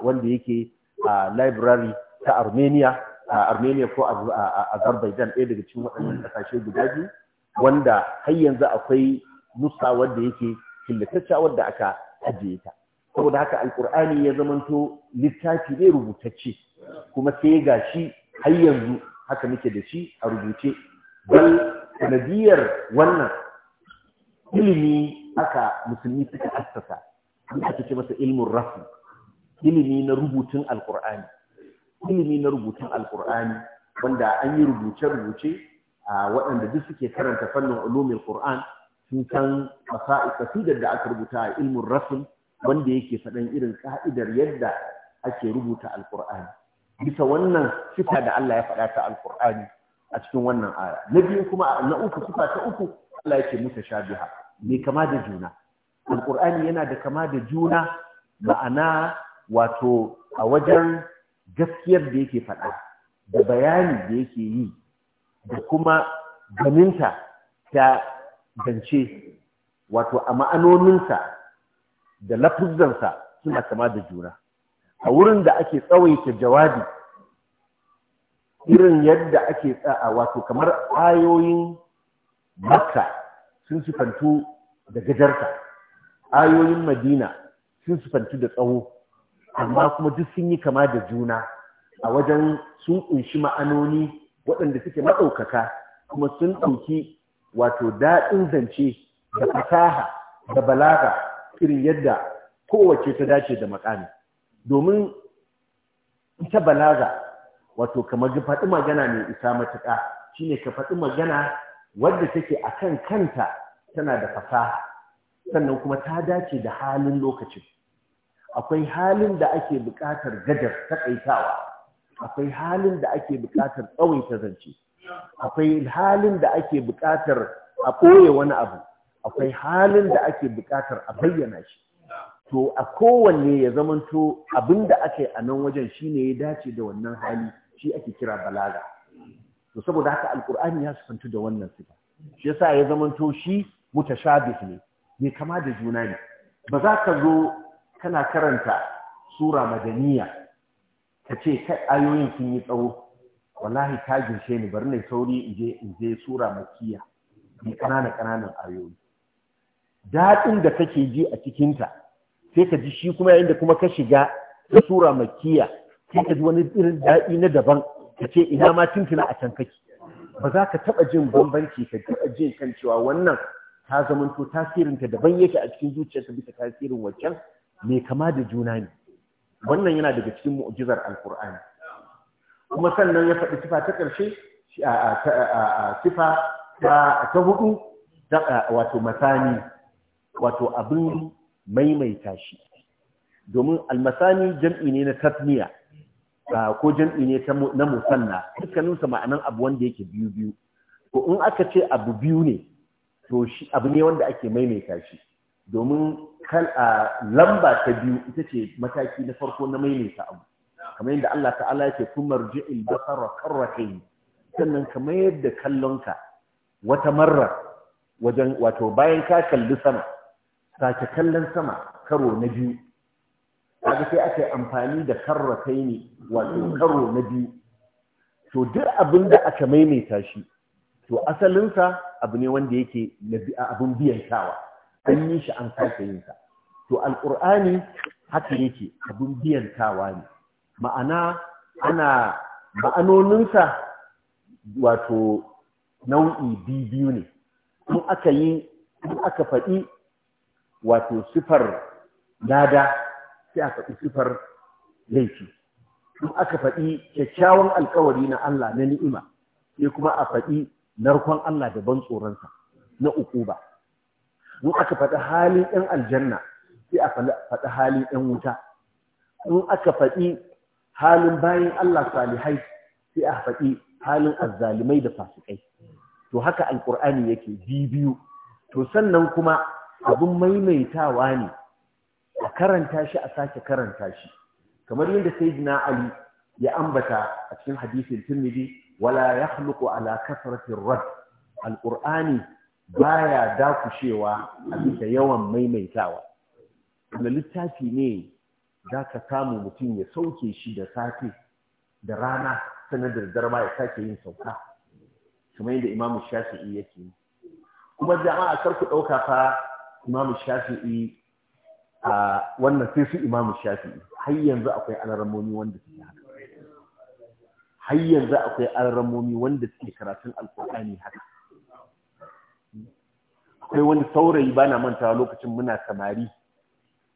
wanda yake a library ta Armenia a Armenia ko a Azerbaijan ɗaya daga cikin waɗannan ƙasashe guda biyu wanda har yanzu akwai nusa wadda yake killatacciya wadda aka ajiye ta saboda haka alkur'ani ya zamanto littafi ne rubutacce kuma sai ga shi har yanzu haka muke da shi a rubuce bal sanadiyar wannan ilimi aka musulmi suka assasa an ce masa ilmin rafi ilimi na rubutun alkur'ani ilimi na rubutun alkur'ani wanda an yi rubuce-rubuce a waɗanda duk suke karanta fannin ulumin qur'an sun san kasidar da aka rubuta a ilmin rasul wanda yake faɗan irin ka'idar yadda ake rubuta alkur'ani bisa wannan sifa da Allah ya faɗa ta alkur'ani a cikin wannan aya na biyu kuma na uku sifa ta uku Allah yake biha. mai kama da juna alkur'ani yana da kama da juna ma'ana wato a wajen gaskiyar da yake faɗa da bayani da yake yi da kuma ganinta ta gance wato a ma'anoninsa da lafuzansa suna kama da jura. a wurin da ake tsawaita jawabi irin yadda ake tsa'a wato kamar ayoyin makka sun sufantu da gajarta ayoyin madina sun sufantu da tsawo amma kuma duk sun yi kama da juna a wajen sun ƙunshi ma'anoni waɗanda suke maɗaukaka kuma sun ɗauki wato daɗin zance da fasaha da balaga irin yadda kowace ta dace da makami domin ita balaga wato kamar ji faɗi magana mai isa matuƙa shine ka faɗi magana wadda take a kan kanta tana da fasaha sannan kuma ta dace da halin lokacin akwai halin da ake buƙatar gajar takaitawa akwai halin da ake buƙatar tsawaita zance akwai halin da ake buƙatar a ɓoye wani abu akwai halin da ake buƙatar a bayyana shi to a kowanne ya zamanto abin da aka yi a nan wajen shine ya dace da wannan hali shi ake kira balaga to saboda haka alkur'ani ya sufantu da wannan sifa shi yasa ya zamanto shi mutashabih ne mai kama da juna ne ba za ka zo kana karanta sura madaniya ka ce kai ayoyin sun yi tsawo wallahi ta ginshe ni bari na sauri in je sura makiya mai ƙananan ƙananan ayoyi daɗin da kake ji a cikinta sai ka ji shi kuma yayin da kuma ka shiga ta sura makiya sai ka ji wani irin daɗi na daban ka ce ina ma tuntuna a can kake ba za ka taɓa jin bambanci ka taɓa jin kan cewa wannan ta zamanto tasirinta daban yake a cikin zuciyarka bisa tasirin waccan mai kama da juna ne wannan yana daga cikin mu'jizar alkur'ani kuma sannan ya faɗi sifa ta ƙarshe sifa ta hudu wato masani wato abin maimaita shi domin almasani jam'i ne na tasmiya ko jam'i ne na musanna dukkaninsa ma'anan abu wanda yake biyu biyu ko in aka ce abu biyu ne to shi abu ne wanda ake maimaita shi domin kal a lamba ta biyu ita ce mataki na farko na maimaita abu kamar yadda Allah ta'ala yake kuma rji'il basara karratayn sannan kamar yadda kallonka wata marra wajen wato bayan ka kalli sama sake kallon sama karo na biyu kaga sai aka yi amfani da karratayn wato karo na biyu to duk abin da aka maimaita shi to asalinsa abu ne wanda yake abin biyan kawa an yi shi an sake yin sa to alqur'ani haka yake abin biyantawa ne ma'ana ana ma'anoninsa wato nau'i biyu ne in aka yi in aka faɗi wato sifar lada sai aka faɗi sifar laifi in aka faɗi kyakkyawan alkawari na Allah na ni'ima sai kuma a faɗi narkon Allah da ban tsoronsa na uku ba. in aka faɗi halin ɗan aljanna sai a faɗi halin yan' wuta in aka faɗi halin bayan Allah salihai sai a faɗi halin azzalimai da fasikai to haka alƙur'ani yake biyu to sannan kuma abin maimaitawa ne a karanta shi a sake karanta shi kamar yadda sayyidina ali ya ambata a cikin hadisin tirmidhi wala yakhluqu ala kasratir rad alqur'ani baya dakushewa a bisa yawan maimaitawa wanda littafi ne za ka samu mutum ya sauke shi da safe da rana sanadar darba ya sake yin sauka kamar yadda imamu shafi'i yake yi kuma jama'a kar ku ɗauka fa imamu shafi'i a wannan sai su imamu shafi'i har yanzu akwai alarmomi wanda suke haka har yanzu akwai alarmomi wanda suke karatun alkur'ani haka akwai wani saurayi ba na manta lokacin muna samari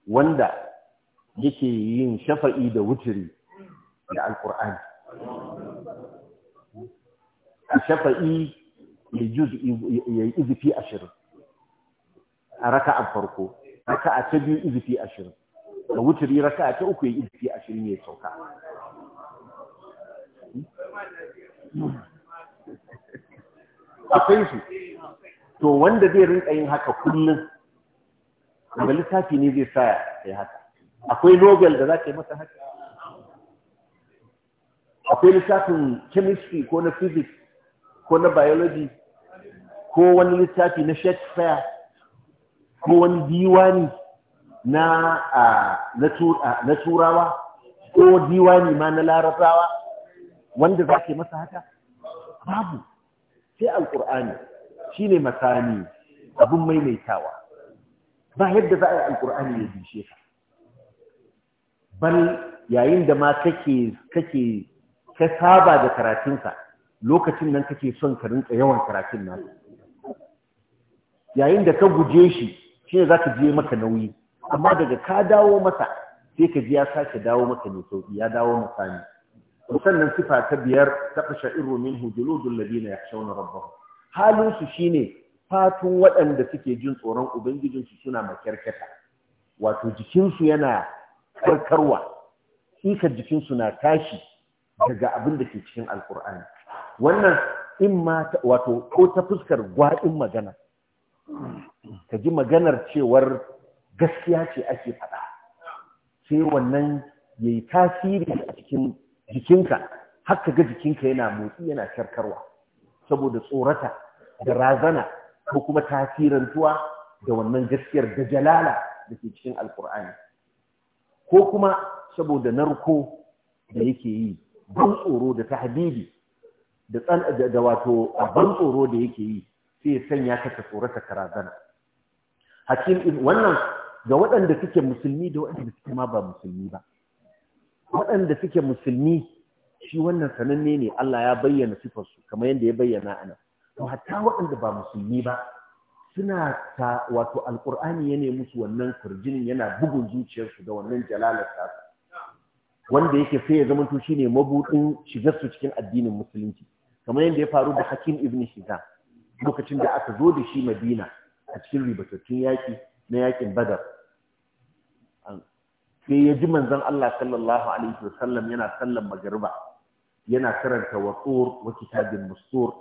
wanda yake yin shafa'i da wuturi da alkur'ani a shafa'i ya yi izifi ashirin a raka a farko raka a ta biyu izifi ashirin da wuturi raka a ta uku ya yi izifi ashirin ya sauka akwai su to wanda zai rinka yin haka kullum daga littafi ne zai sa ya haka akwai nobel da za ka yi masa haka akwai littafin chemistry ko na physics ko na biology ko wani littafi na shakespeare ko wani diwani na turawa ko diwani ma na larabawa wanda za ka yi masa haka babu sai al'ur'ani Shi ne masani abun maimaitawa ba yadda za a yi alkur'ani ya bishe ka bal yayin da ma kake kake ka saba da karatunsa lokacin nan kake son ka rinka yawan karatun nasa yayin da ka guje shi shi ne za ka je maka nauyi amma daga ka dawo masa sai ka ji ya sake dawo maka ne sauki ya dawo masa ne sifa ta biyar ta fasha min minhu dun ladina shauna rabbahu halinsu shine fatun waɗanda suke jin tsoron ubangijinsu suna makyarkyata wato jikinsu yana karkarwa ikar jikinsu na tashi daga abin da ke cikin alkur'ani wannan in ma wato ko ta fuskar gwaɗin magana ka ji maganar cewar gaskiya ce ake faɗa sai wannan ya yi tasiri a cikin jikinka har ga jikinka yana motsi yana karkarwa saboda tsorata da razana ko kuma tasirantuwa da wannan gaskiyar da jalala da ke cikin alkur'ani ko kuma saboda narko da yake yi ban tsoro da tahdidi da tsan da wato ban tsoro da yake yi sai ya sanya ka ta tsorata ka razana hakim wannan ga waɗanda suke musulmi da waɗanda suke ma ba musulmi ba waɗanda suke musulmi shi wannan sananne ne Allah ya bayyana sifarsu kamar yadda ya bayyana ana to hatta waɗanda ba musulmi ba suna ta wato alkur'ani ya ne musu wannan kurjinin yana bugun zuciyarsu da wannan jalalar ta wanda yake sai ya zama zamanto shine mabudin shigar su cikin addinin musulunci kamar yadda ya faru da Hakim ibn Hizam lokacin da aka zo da shi Madina a cikin ribatattun yaki na yakin Badar sai ya ji manzon Allah sallallahu alaihi wasallam yana sallan magruba yana karanta wa tsor wa kitabin mustur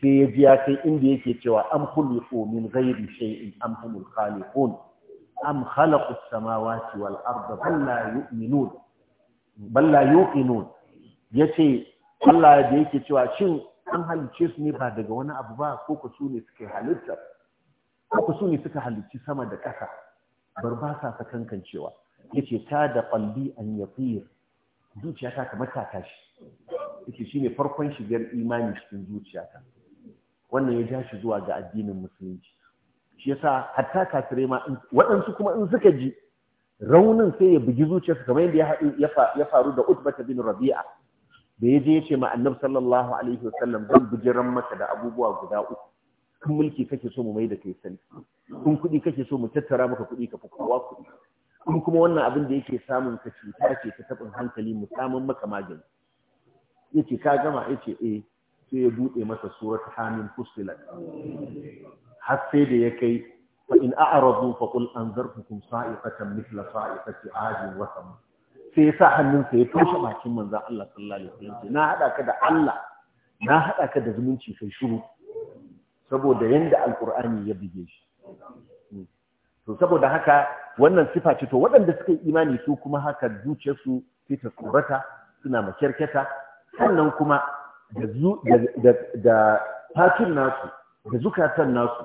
sai ya ji ya kai inda yake cewa am khuliqu min ghairi shay'in am humul khaliqun am khalaqu as-samawati wal arda bal la yu'minun bal la yuqinun yace Allah da yake cewa shin an halice su ne ba daga wani abu ba ko ku su ne suka halitta ko ku su ne suka halicci sama da ƙasa bar ba sa sakankan cewa yace ta da qalbi an yatir zuciyata kamar ta tashi yake shine farkon shigar imani cikin zuciyata wannan ya ja zuwa ga addinin musulunci shi yasa hatta kafirai ma waɗansu kuma in suka ji raunin sai ya bugi zuciyarsa kamar yadda ya faru da Utbata bin Rabi'a da ya je ya ce ma Annabi sallallahu alaihi wasallam zan ran maka da abubuwa guda uku kun mulki kake so mu mai da kai sani kun kuɗi kake so mu tattara maka kuɗi ka fi kowa kuɗi in kuma wannan abin da yake samun ka cuta ce ta tabin hankali musamman maka magani yake ka gama yake eh sai ya buɗe masa surat hamim fusilat har sai da ya kai fa in a'radu fa qul anzartukum sa'iqatan mithla sa'iqati 'ad wa thamud sai ya sa ya toshe bakin manzon Allah sallallahu alaihi wasallam na hada ka da Allah na hada ka da zumunci kai shiru saboda yanda alqur'ani ya bige shi to saboda haka wannan sifa ce to waɗanda suka yi imani su kuma haka zuciyarsu sai ta tsorata suna makyarketa sannan kuma da fatin nasu da zukatan nasu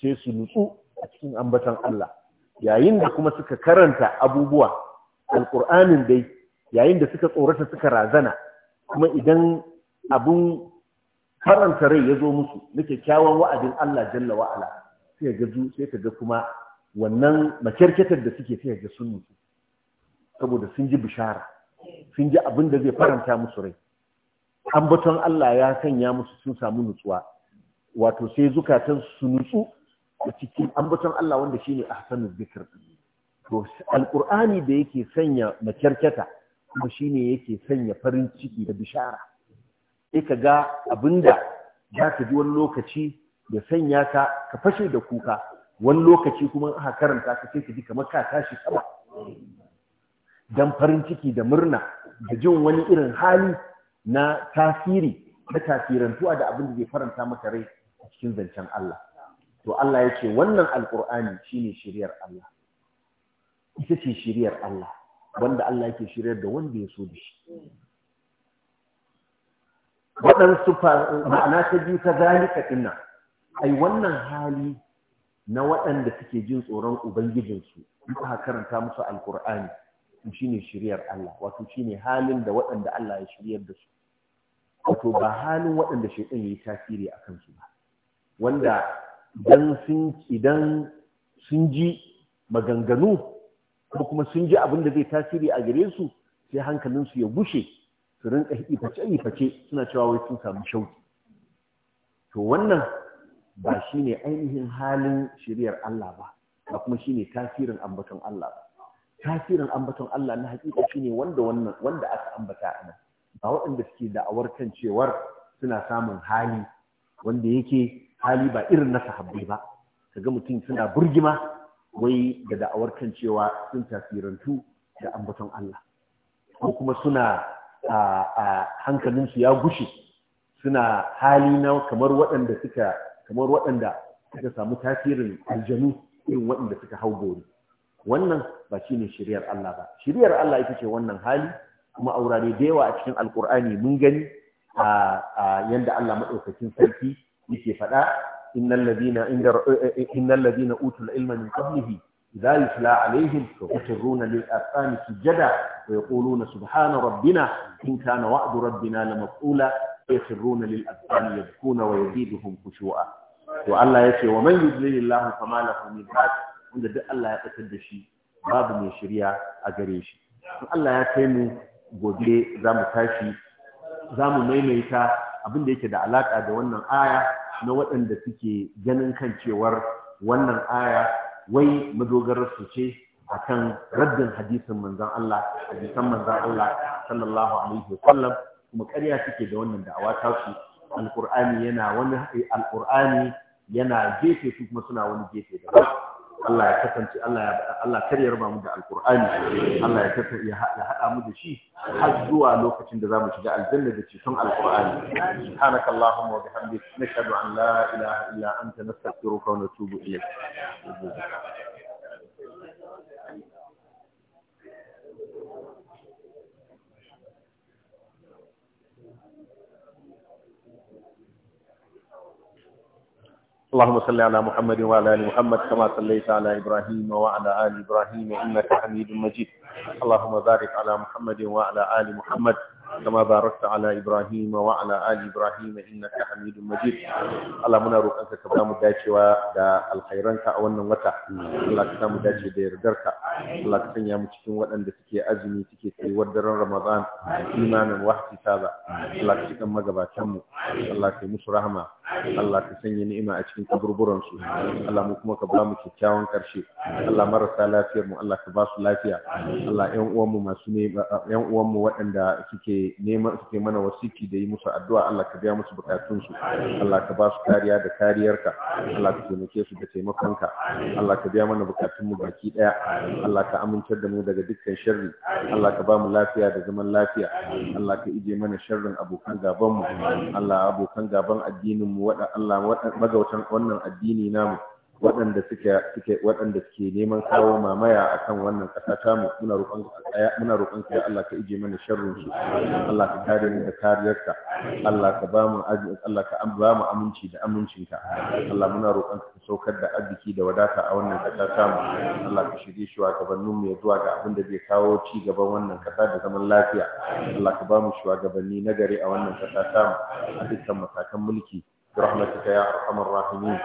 sai su nutsu a cikin ambatan Allah yayin da kuma suka karanta abubuwa alqur'anin dai yayin da suka tsorata suka razana kuma idan abun karanta rai ya zo musu na kyakkyawan wa'adin Allah jalla wa'ala sai ga sai ka ga kuma wannan makyarketar da suke saya da sun nutsu saboda sun ji bishara sun ji abin da zai faranta musu rai ambaton Allah ya sanya musu sun samu nutsuwa wato sai zukatan su nutsu a cikin ambaton Allah wanda shine ahsanu zikir to Alƙur'ani da yake sanya makyarketa kuma shi ne yake sanya farin ciki da bishara E, ka ga abin da za ka ji wani lokaci ya sanya ka ka fashe da kuka wani lokaci kuma aka karanta ka sai ka ji kamar ka tashi sama dan farin ciki da murna da jin wani irin hali na tasiri na tasirantuwa da abin da zai faranta maka rai a cikin zancen Allah to Allah ya ce wannan alqur'ani shine shiryar Allah ita ce shiryar Allah wanda Allah yake shiryar da wanda ya so da shi waɗansu ma'ana ta biyu ta zalika ɗinnan ai wannan hali na waɗanda suke jin tsoron ubangijinsu in aka karanta musu alkur'ani to shine shiryar Allah wato shine halin da waɗanda Allah ya shiryar da su wato ba halin waɗanda shaiɗan ya yi tasiri a kansu ba wanda idan sun idan sun ji maganganu ko kuma sun ji abin da zai tasiri a gare su sai hankalinsu ya gushe, su rinka yi iface suna cewa wai sun samu shauki to wannan ba shi ne ainihin halin shiriyar Allah ba ba kuma shi ne tasirin ambaton Allah ba tasirin ambaton Allah na hakika shi ne wanda wanda aka ambata a nan ba waɗanda suke da'awar kan cewar suna samun hali wanda yake hali ba irin na sahabbai ba Ka ga mutum suna burgima wai da da'awar kan cewa sun tasirantu da ambaton Allah ko kuma suna a hankalinsu ya gushe suna hali na kamar waɗanda suka kamar waɗanda suka samu tasirin aljanu irin waɗanda suka hau gori wannan ba shi ne shiriyar Allah ba shiriyar Allah ita ce wannan hali kuma aurare da yawa a cikin alkur'ani mun gani a yanda Allah maɗaukakin sarki yake faɗa innal ladina eh, eh, innal ladina utul ilma min qablihi idza yutla alaihim yaqurruna lil asani sujada wa yaquluna subhana rabbina in kana wa'du rabbina lamaf'ula yakhruna lil azqani yabkuna wa yaziduhum khushu'a to Allah ya ce wa man yudlilillahu fama lahu min hadi wanda duk Allah ya fitar da shi babu mai shirya a gare shi in Allah ya kai mu gobe za mu tashi za mu maimaita abin da yake da alaƙa da wannan aya na waɗanda suke ganin kan cewar wannan aya wai madogarar su ce a kan raddin hadisin manzan Allah hadisan manzan Allah sallallahu alaihi wasallam kuma ƙarya suke da wannan da'awa ta su alqur'ani yana wani yana gefe su kuma suna wani gefe da Allah ya kasance Allah ya Allah kare mu da Allah ya kasance ya mu da shi har zuwa lokacin da zamu shiga aljanna da cikin alqur'ani subhanakallahumma wa bihamdika nashhadu an la ilaha illa anta nastaghfiruka wa natubu ilayk اللهم صل على محمد وعلى ال محمد كما صليت على ابراهيم وعلى ال ابراهيم انك حميد مجيد اللهم بارك على محمد وعلى ال محمد كما باركت على ابراهيم وعلى ال ابراهيم انك حميد مجيد الله منا روكان كتابنا مداچوا دا الخيران كا wannan wata Allah ka samu dace da yardarka Allah ka sanya mu cikin waɗanda suke azumi suke tsayuwar daren Ramadan imanin wahyi saba Allah ka cikin magabatan mu Allah ka yi musu rahama Allah ka sanya ni'ima a cikin kaburburan su Allah mu kuma ka ba mu kyakkyawan karshe Allah marasa lafiyar mu Allah ka ba su lafiya Allah ƴan uwan mu masu ne ƴan uwan mu waɗanda suke neman su mana wasiki da yi musu addu'a Allah ka biya musu bukatunsu Allah ka ba su kariya da kariyarka Allah ka taimake su da taimakonka Allah ka biya mana bukatun mu baki ɗaya. Allah ka amintar da mu daga dukkan sharri Allah ka ba mu lafiya da zaman lafiya Allah ka ije mana sharrin abokan gaban Allah abokan gaban addinin mu wada Allah wannan addini namu waɗanda suke waɗanda suke neman kawo mamaya akan wannan ƙasa ta mu muna roƙon muna roƙon ka ya Allah ka ije mana sharrin su Allah ka kare mu da kariyarka Allah ka ba mu Allah ka ba mu aminci da amincinka Allah muna roƙon ka saukar da arziki da wadata a wannan ƙasa ta mu Allah ka shirye gabanin mu ya zuwa ga abin da zai kawo ci gaban wannan ƙasa da zaman lafiya Allah ka ba mu shugabanni na gari a wannan ƙasa ta mu a dukkan matakan mulki برحمتك يا ارحم الراحمين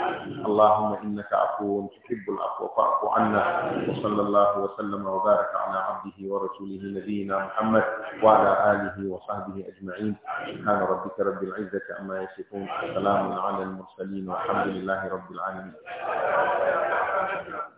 اللهم انك عفو تحب العفو فاعف عنا وصلى الله وسلم وبارك على عبده ورسوله نبينا محمد وعلى اله وصحبه اجمعين سبحان ربك رب العزه عما يصفون سلام على المرسلين والحمد لله رب العالمين